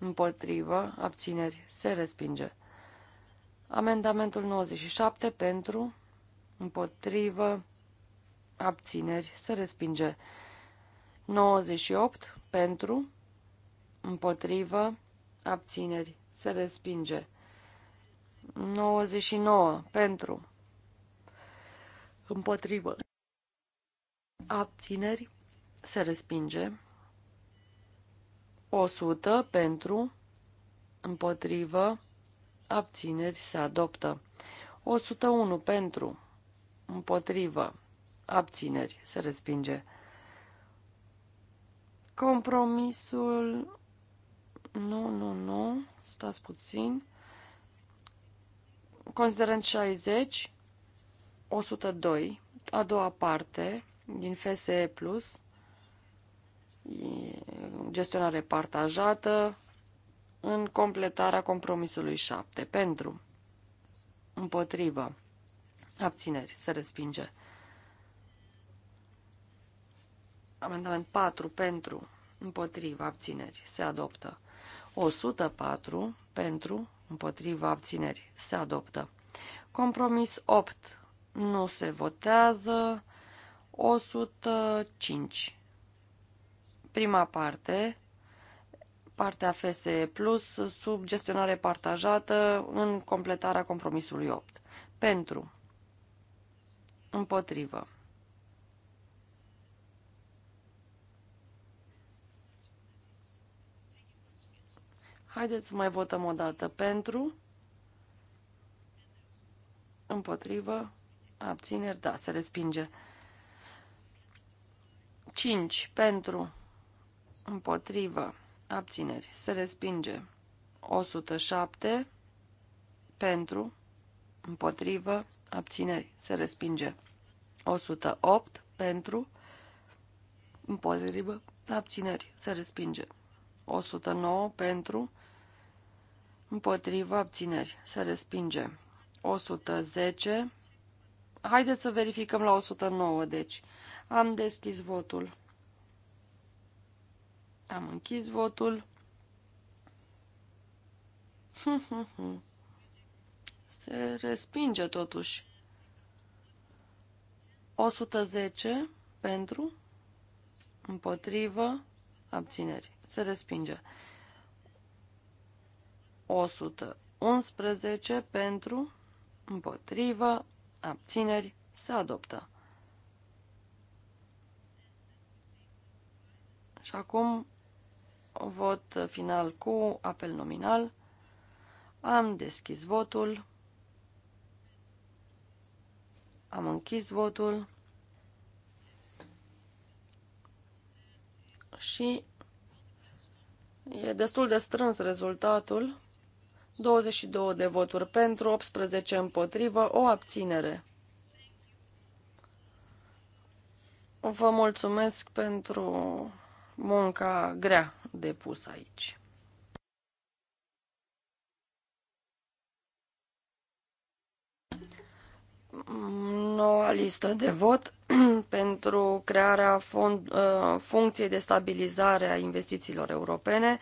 împotrivă, abțineri, se respinge. Amendamentul 97 pentru, împotrivă, abțineri, se respinge. 98 pentru, împotrivă, abțineri, se respinge. 99 pentru, împotrivă, abțineri, se respinge. 100 pentru, împotrivă, abțineri se adoptă. 101 pentru, împotrivă, abțineri se respinge. Compromisul, nu, nu, nu, stați puțin, considerând 60, 102, a doua parte din FSE+, Plus, gestionare partajată în completarea compromisului 7. Pentru, împotrivă, abțineri, se respinge. Amendament 4 pentru, împotrivă, abțineri, se adoptă. 104 pentru, împotrivă, abțineri, se adoptă. Compromis 8 nu se votează. 105 Prima parte, partea FSE Plus, sub gestionare partajată, în completarea compromisului 8. Pentru. Împotrivă. Haideți să mai votăm o dată pentru, împotrivă, abțineri, da, se respinge. 5 pentru, împotrivă, abțineri, se respinge. 107 pentru, împotrivă, abțineri, se respinge. 108 pentru, împotrivă, abțineri, se respinge. 109 pentru, împotrivă, abțineri, se respinge. 110, haideți să verificăm la 109, deci, am deschis votul. Am închis votul. Se respinge totuși. 110 pentru, împotrivă, abțineri. Se respinge. 111 pentru, împotrivă, abțineri. Se adoptă. Și acum vot final cu apel nominal. Am deschis votul. Am închis votul. Și e destul de strâns rezultatul. 22 de voturi pentru, 18 împotrivă, o abținere. Vă mulțumesc pentru munca grea depus aici. Noua listă de vot pentru crearea fond, uh, funcției de stabilizare a investițiilor europene.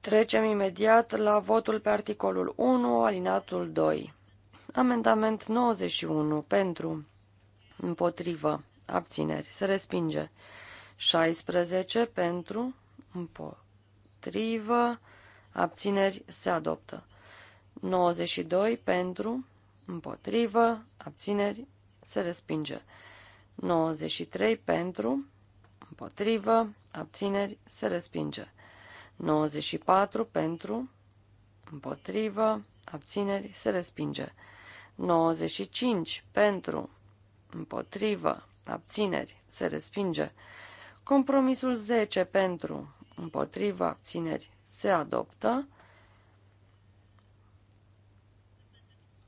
Trecem imediat la votul pe articolul 1, alinatul 2. Amendament 91 pentru, împotrivă, abțineri, se respinge. 16 pentru, împotrivă, abțineri se adoptă. 92 pentru, împotrivă, abțineri se respinge. 93 pentru, împotrivă, abțineri se respinge. 94 pentru, împotrivă, abțineri se respinge. 95 pentru, împotrivă, abțineri se respinge. Compromisul 10 pentru, împotriva, abțineri se adoptă.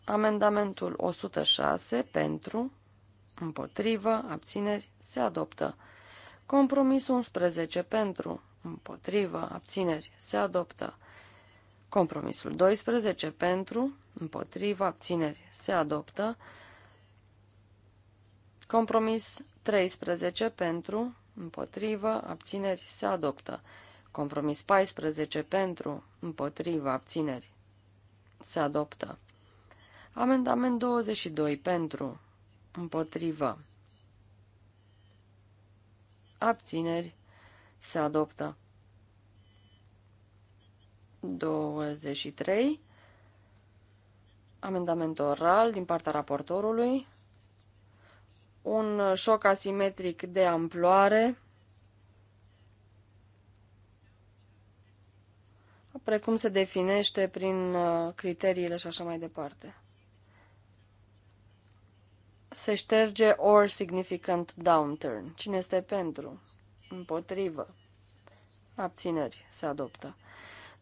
Amendamentul 106 pentru, împotrivă, abțineri se adoptă. Compromisul 11 pentru, împotrivă, abțineri se adoptă. Compromisul 12 pentru, împotrivă, abțineri se adoptă. Compromis 13 pentru, împotrivă, abțineri, se adoptă. Compromis 14 pentru, împotrivă, abțineri, se adoptă. Amendament 22 pentru, împotrivă, abțineri, se adoptă. 23. Amendament oral din partea raportorului un șoc asimetric de amploare, precum se definește prin uh, criteriile și așa mai departe. Se șterge or significant downturn. Cine este pentru? Împotrivă. Abțineri se adoptă.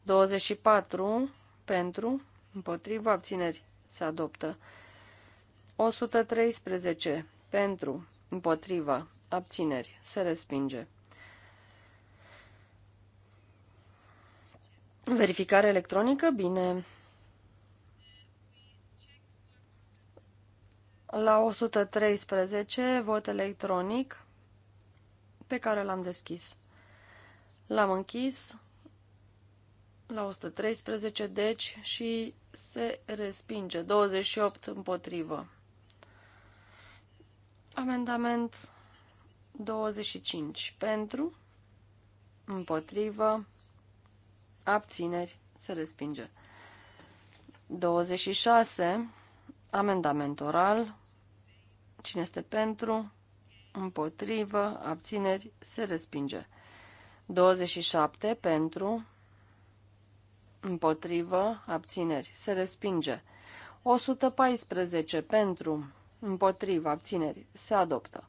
24 pentru, împotrivă, abțineri se adoptă. 113 pentru, împotriva, abțineri, se respinge. Verificare electronică, bine. La 113, vot electronic pe care l-am deschis. L-am închis la 113, deci, și se respinge. 28 împotrivă. Amendament 25 pentru, împotrivă, abțineri, se respinge. 26. Amendament oral. Cine este pentru, împotrivă, abțineri, se respinge. 27. Pentru, împotrivă, abțineri, se respinge. 114. Pentru, Împotriva abțineri se adoptă.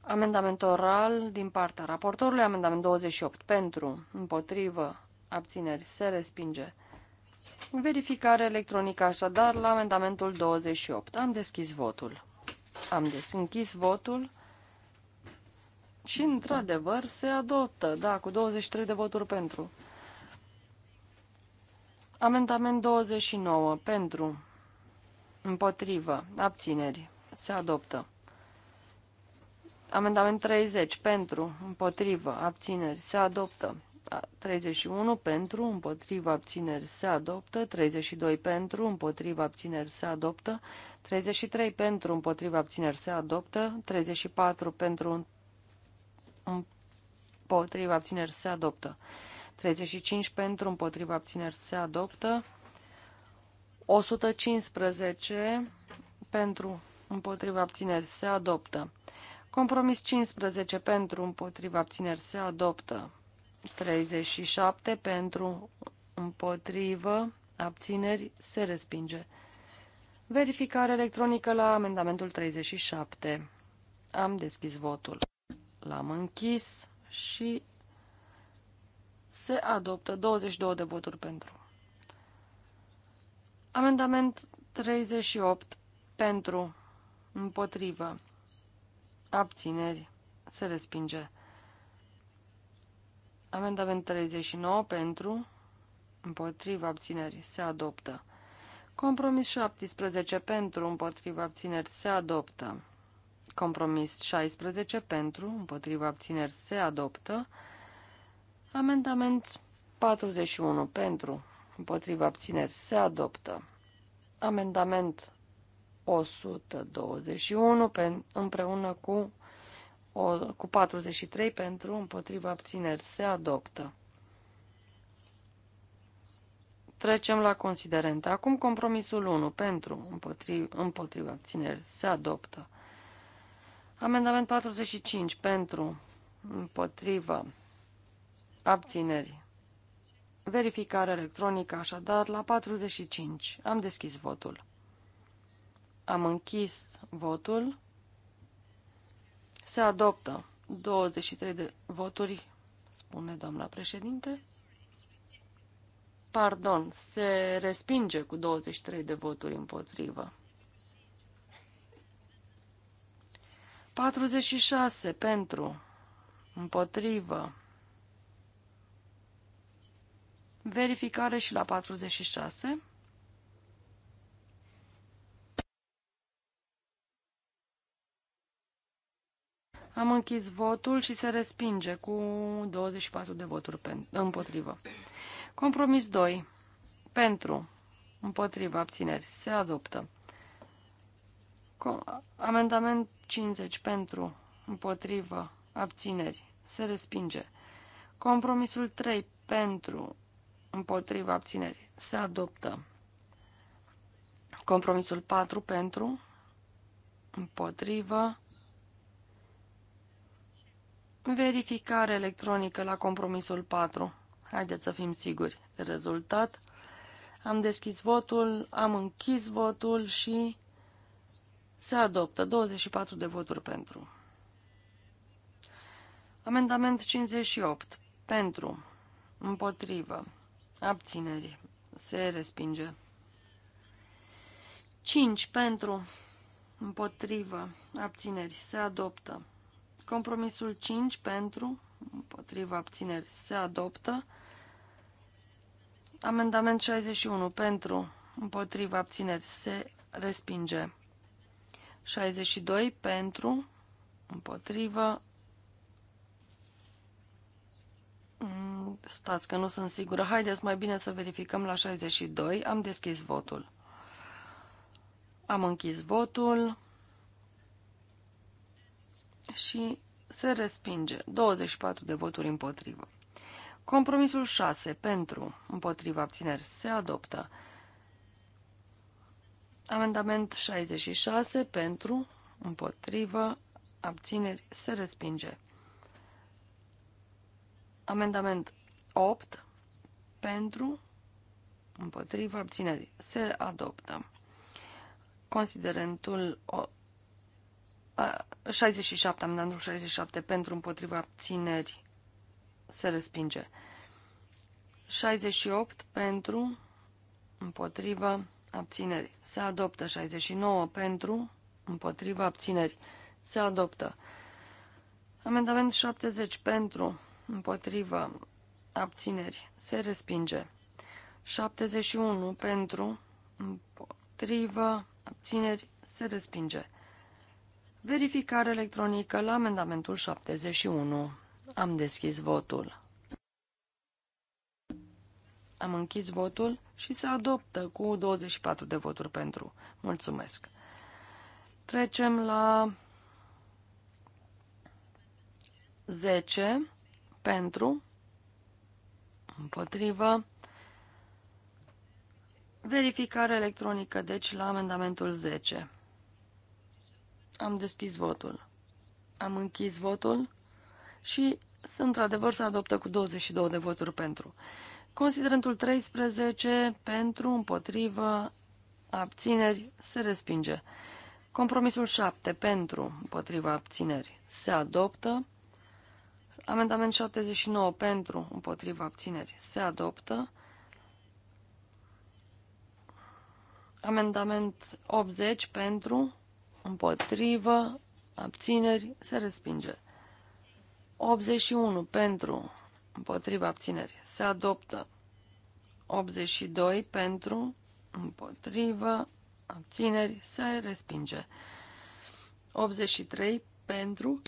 Amendament oral din partea raportorului, amendament 28 pentru, împotrivă, abțineri se respinge. Verificare electronică așadar la amendamentul 28. Am deschis votul. Am deschis votul și într-adevăr se adoptă, da, cu 23 de voturi pentru. Amendament 29 pentru, Împotrivă. Abțineri. Se adoptă. Amendament 30. Pentru. Împotrivă. Abțineri. Se adoptă. 31 pentru, împotriva abțineri se adoptă, 32 pentru, împotriva abțineri se adoptă, 33 pentru, împotriva abțineri se adoptă, 34 pentru, împotriva abțineri se adoptă, 35 pentru, împotriva abțineri se adoptă, 115 pentru împotriva abțineri se adoptă. Compromis 15 pentru împotriva abțineri se adoptă. 37 pentru împotrivă abțineri se respinge. Verificare electronică la amendamentul 37. Am deschis votul. L-am închis și se adoptă 22 de voturi pentru. Amendament 38 pentru, împotrivă, abțineri, se respinge. Amendament 39 pentru, împotrivă, abțineri, se adoptă. Compromis 17 pentru, împotrivă, abțineri, se adoptă. Compromis 16 pentru, împotrivă, abțineri, se adoptă. Amendament 41 pentru, împotriva abțineri se adoptă. Amendament 121 pe, împreună cu, o, cu 43 pentru împotriva abțineri se adoptă. Trecem la considerente. Acum compromisul 1 pentru împotriva, împotriva abțineri se adoptă. Amendament 45 pentru împotriva abțineri Verificare electronică, așadar, la 45. Am deschis votul. Am închis votul. Se adoptă 23 de voturi, spune doamna președinte. Pardon, se respinge cu 23 de voturi împotrivă. 46 pentru, împotrivă, Verificare și la 46. Am închis votul și se respinge cu 24 de voturi împotrivă. Compromis 2. Pentru. Împotrivă. Abțineri. Se adoptă. amendament 50. Pentru. Împotrivă. Abțineri. Se respinge. Compromisul 3. Pentru împotriva abținerii. se adoptă. Compromisul 4 pentru, împotrivă, verificare electronică la compromisul 4. Haideți să fim siguri de rezultat. Am deschis votul, am închis votul și se adoptă 24 de voturi pentru. Amendament 58. Pentru. Împotrivă. Abțineri. Se respinge. 5 pentru. Împotrivă. Abțineri. Se adoptă. Compromisul 5 pentru. Împotrivă. Abțineri. Se adoptă. Amendament 61 pentru. Împotrivă. Abțineri. Se respinge. 62 pentru. Împotrivă. Stați că nu sunt sigură. Haideți mai bine să verificăm la 62. Am deschis votul. Am închis votul și se respinge. 24 de voturi împotrivă. Compromisul 6 pentru împotriva abțineri se adoptă. Amendament 66 pentru împotrivă abțineri se respinge. Amendament 8 pentru, împotriva abținerii. Se adoptă. Considerentul 67, amendamentul 67 pentru împotriva abținerii se respinge. 68 pentru împotriva abținerii. Se adoptă 69 pentru împotriva abținerii. Se adoptă. Amendament 70 pentru împotriva abțineri, se respinge. 71 pentru, împotrivă, abțineri, se respinge. Verificare electronică la amendamentul 71. Am deschis votul. Am închis votul și se adoptă cu 24 de voturi pentru. Mulțumesc. Trecem la 10 pentru, împotrivă. Verificare electronică, deci, la amendamentul 10. Am deschis votul. Am închis votul și, într-adevăr, se adoptă cu 22 de voturi pentru. Considerentul 13 pentru, împotrivă, abțineri, se respinge. Compromisul 7 pentru, împotrivă, abțineri, se adoptă. Amendament 79 pentru, împotriva abțineri se adoptă. Amendament 80 pentru, împotrivă, abțineri se respinge. 81 pentru, împotriva abțineri se adoptă. 82 pentru, împotrivă, abțineri se respinge. 83 pentru,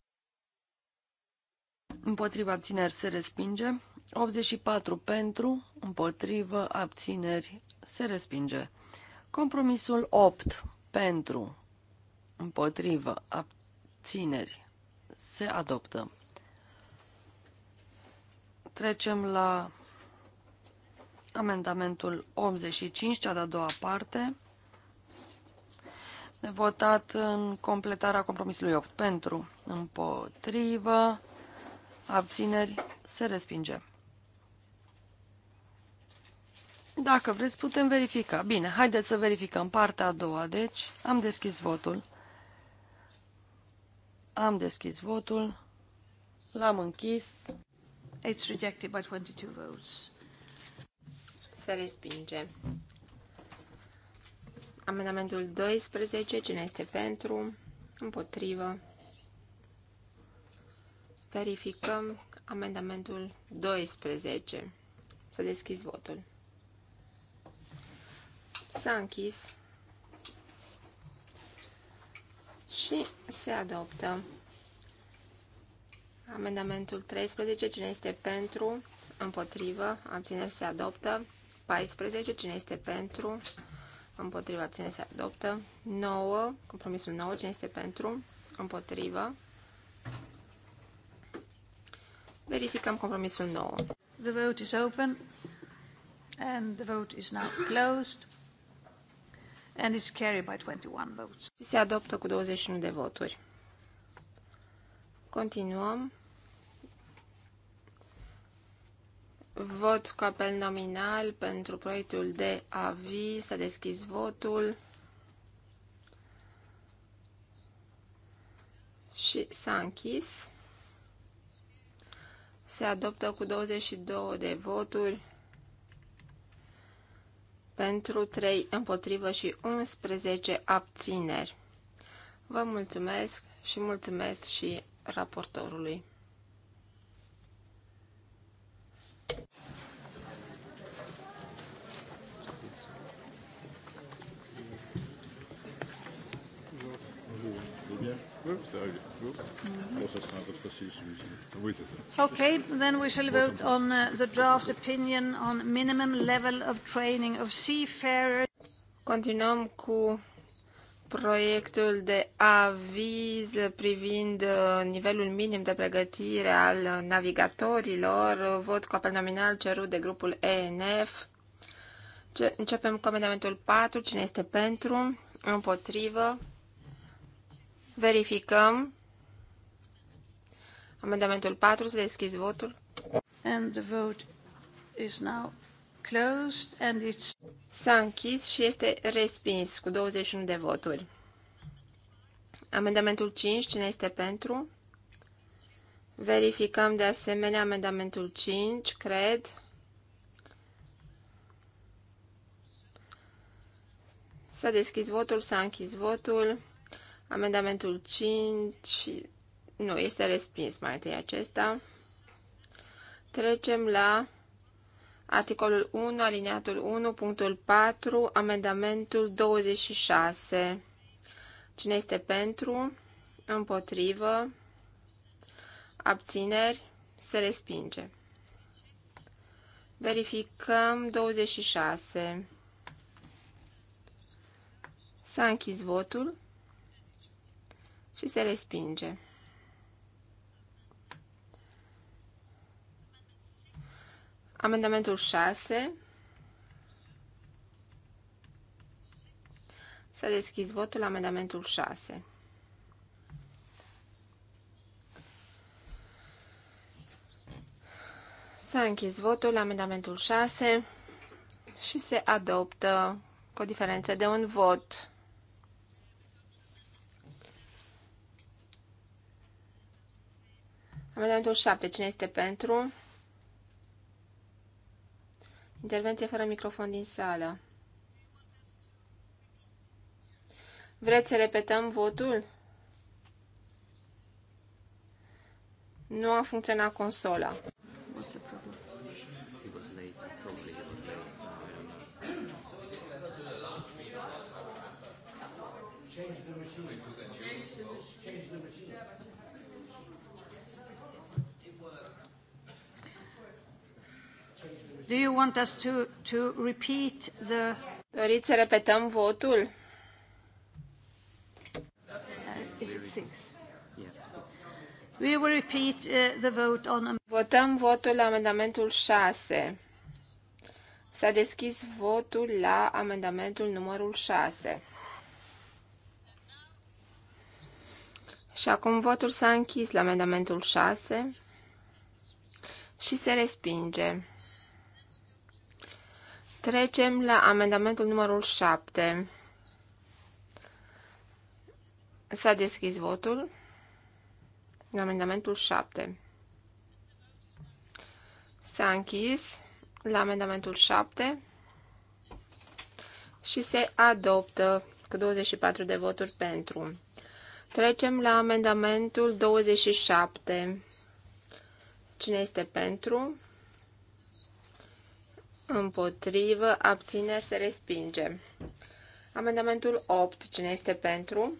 împotriva abțineri se respinge, 84 pentru, împotrivă abțineri se respinge. Compromisul 8 pentru, împotrivă abțineri se adoptă. Trecem la amendamentul 85, cea de-a doua parte, votat în completarea compromisului 8 pentru, împotrivă, abțineri, se respinge. Dacă vreți, putem verifica. Bine, haideți să verificăm partea a doua. Deci, am deschis votul. Am deschis votul. L-am închis. It's rejected by 22 votes. Se respinge. Amendamentul 12. Cine este pentru? Împotrivă. Verificăm amendamentul 12. Să deschizi votul. S-a închis și se adoptă. Amendamentul 13. Cine este pentru? Împotrivă. Abțineri se adoptă. 14. Cine este pentru? Împotrivă. Abțineri se adoptă. 9. Compromisul 9. Cine este pentru? Împotrivă. Verificăm compromisul 9. The vote is open and the vote is now closed and it's carried by 21 votes. Se adoptă cu 21 de voturi. Continuăm. Vot cu apel nominal pentru proiectul de aviz. S-a deschis votul. Și s-a închis se adoptă cu 22 de voturi pentru 3 împotrivă și 11 abțineri. Vă mulțumesc și mulțumesc și raportorului. Mm-hmm. Oh, okay, then we shall vote on uh, the draft opinion on minimum level of training of seafarers. Continuăm cu proiectul de aviz privind uh, nivelul minim de pregătire al navigatorilor, vot cu apel nominal cerut de grupul ENF. Începem cu amendamentul 4. Cine este pentru? Împotrivă? Verificăm. Amendamentul 4, să deschizi votul. And the vote is now closed and it's... S-a închis și este respins cu 21 de voturi. Amendamentul 5, cine este pentru? Verificăm de asemenea amendamentul 5, cred. S-a deschis votul, s-a închis votul Amendamentul 5, nu, este respins mai întâi acesta. Trecem la articolul 1, alineatul 1, punctul 4, amendamentul 26. Cine este pentru? Împotrivă? Abțineri? Se respinge. Verificăm 26. S-a închis votul și se respinge. Amendamentul 6. Să deschizi deschis votul amendamentul 6. S-a închis votul amendamentul 6 și se adoptă cu o diferență de un vot. Amendamentul 7. Cine este pentru? Intervenție fără microfon din sală. Vreți să repetăm votul? Nu a funcționat consola. Do you want us to, to repeat the... Doriți să repetăm votul? Uh, is it six? We will repeat uh, the vote on... Votăm votul la amendamentul 6. S-a deschis votul la amendamentul numărul 6. Și acum votul s-a închis la amendamentul 6 și se respinge. Trecem la amendamentul numărul 7. S-a deschis votul. La amendamentul 7. S-a închis la amendamentul 7 și se adoptă cu 24 de voturi pentru. Trecem la amendamentul 27. Cine este pentru? împotrivă, abține, se respinge. Amendamentul 8, cine este pentru,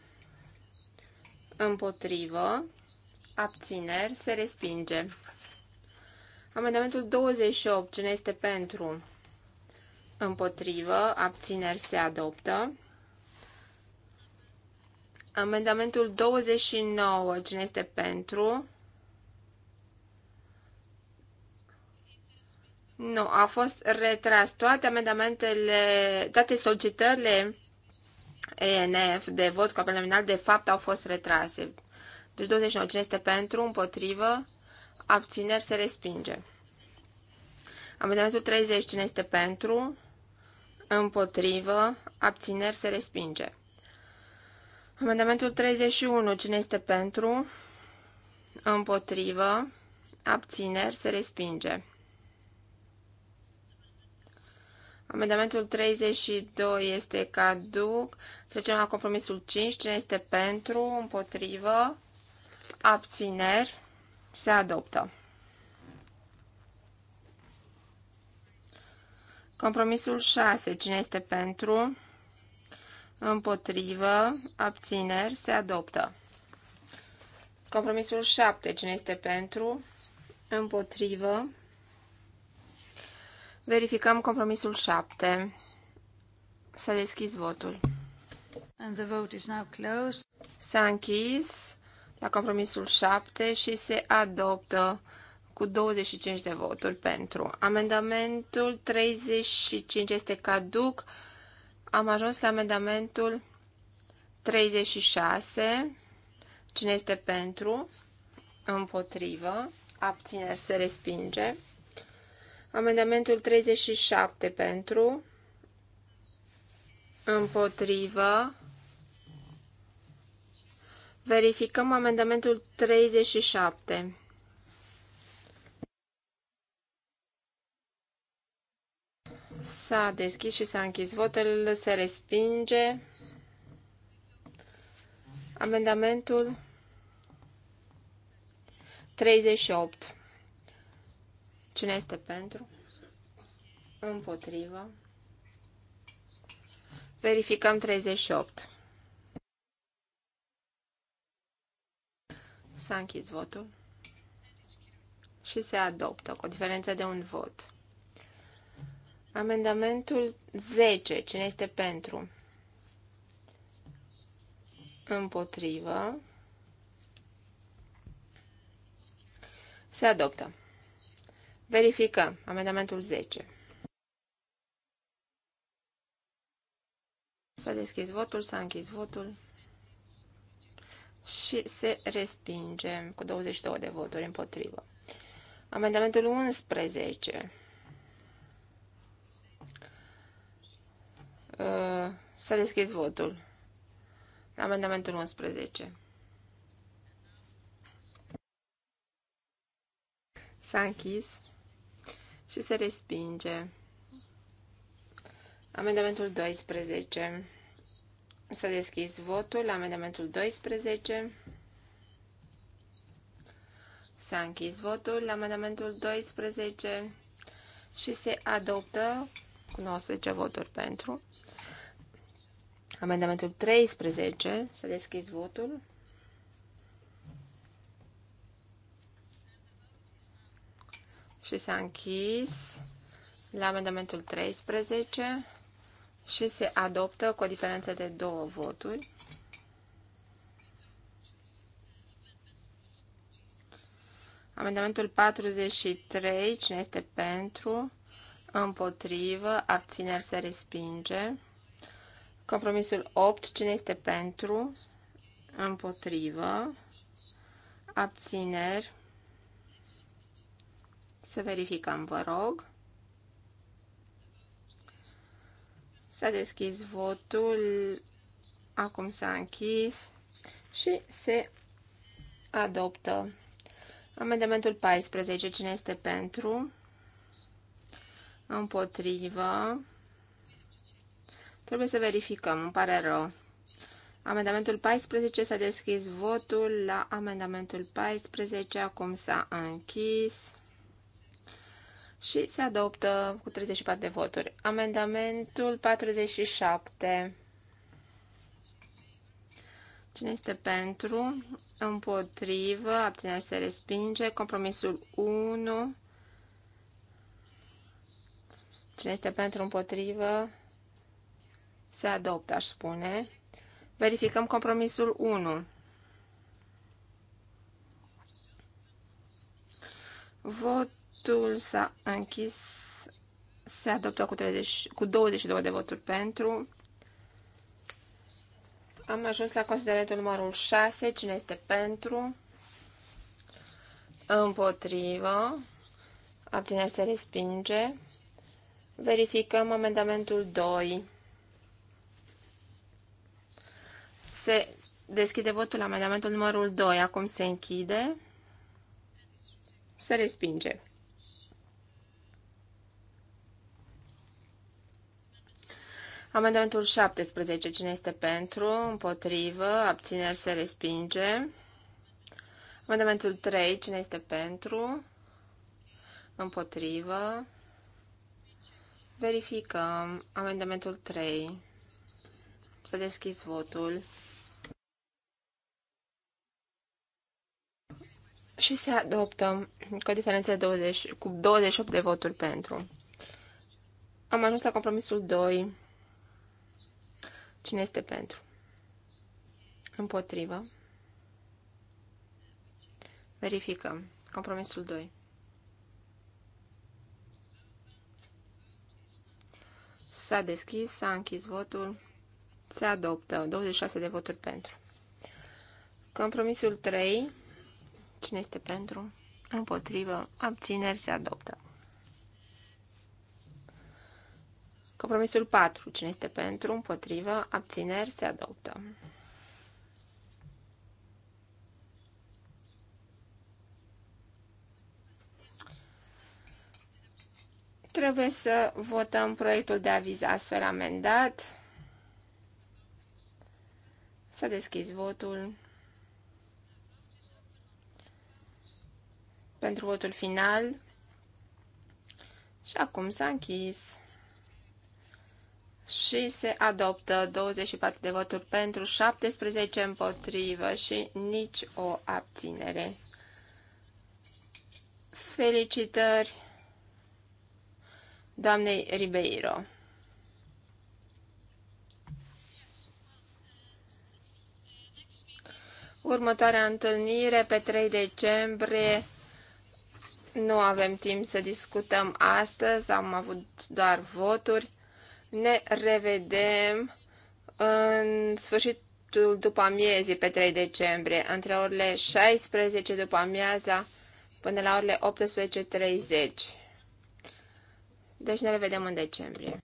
împotrivă, abțineri, se respinge. Amendamentul 28, cine este pentru, împotrivă, abțineri, se adoptă. Amendamentul 29, cine este pentru, Nu, a fost retras toate amendamentele, toate solicitările ENF de vot cu nominal, de fapt, au fost retrase. Deci 29 cine este pentru, împotrivă, abțineri se respinge. Amendamentul 30 cine este pentru, împotrivă, abțineri se respinge. Amendamentul 31 cine este pentru, împotrivă, abțineri se respinge. Amendamentul 32 este caduc. Trecem la compromisul 5. Cine este pentru, împotrivă, abțineri, se adoptă. Compromisul 6. Cine este pentru, împotrivă, abțineri, se adoptă. Compromisul 7. Cine este pentru, împotrivă, Verificăm compromisul 7. S-a deschis votul. And the vote is now closed. S-a închis la compromisul 7 și se adoptă cu 25 de voturi pentru. Amendamentul 35 este caduc. Am ajuns la amendamentul 36. Cine este pentru? Împotrivă. Abțineri se respinge. Amendamentul 37 pentru, împotrivă. Verificăm amendamentul 37. S-a deschis și s-a închis votul, se respinge. Amendamentul 38. Cine este pentru? Împotrivă. Verificăm 38. S-a închis votul și se adoptă cu o diferență de un vot. Amendamentul 10. Cine este pentru? Împotrivă. Se adoptă. Verificăm. Amendamentul 10. S-a deschis votul, s-a închis votul și se respinge cu 22 de voturi împotrivă. Amendamentul 11. Uh, s-a deschis votul. Amendamentul 11. S-a închis și se respinge. Amendamentul 12. S-a deschis votul la amendamentul 12. S-a închis votul la amendamentul 12 și se adoptă cu 19 voturi pentru. Amendamentul 13. S-a deschis votul. și s-a închis la amendamentul 13 și se adoptă cu o diferență de două voturi. Amendamentul 43, cine este pentru, împotrivă, abțineri se respinge. Compromisul 8, cine este pentru, împotrivă, abțineri să verificăm, vă rog. S-a deschis votul, acum s-a închis și se adoptă. Amendamentul 14. Cine este pentru? Împotrivă. Trebuie să verificăm, îmi pare rău. Amendamentul 14 s-a deschis votul la amendamentul 14, acum s-a închis și se adoptă cu 34 de voturi. Amendamentul 47. Cine este pentru? Împotrivă? Abținere se respinge. Compromisul 1. Cine este pentru? Împotrivă? Se adoptă, aș spune. Verificăm compromisul 1. Vot Votul s-a închis. Se adoptă cu, 30, cu 22 de voturi pentru. Am ajuns la considerentul numărul 6. Cine este pentru? Împotrivă. abține se respinge. Verificăm amendamentul 2. Se deschide votul amendamentul numărul 2. Acum se închide. Se respinge. Amendamentul 17. Cine este pentru? Împotrivă? Abțineri se respinge. Amendamentul 3. Cine este pentru? Împotrivă? Verificăm. Amendamentul 3. Să deschis votul. Și se adoptă cu o diferență de 20, cu 28 de voturi pentru. Am ajuns la compromisul 2. Cine este pentru? Împotrivă. Verificăm. Compromisul 2. S-a deschis, s-a închis votul, se adoptă 26 de voturi pentru. Compromisul 3. Cine este pentru? Împotrivă. Abțineri se adoptă. Compromisul 4. Cine este pentru, împotrivă, abțineri, se adoptă. Trebuie să votăm proiectul de aviz astfel amendat. Să deschizi votul. Pentru votul final. Și acum s-a închis și se adoptă 24 de voturi pentru, 17 împotrivă și nici o abținere. Felicitări doamnei Ribeiro. Următoarea întâlnire pe 3 decembrie. Nu avem timp să discutăm astăzi, am avut doar voturi. Ne revedem în sfârșitul după amiezii pe 3 decembrie, între orele 16 după amiaza până la orele 18.30. Deci ne revedem în decembrie.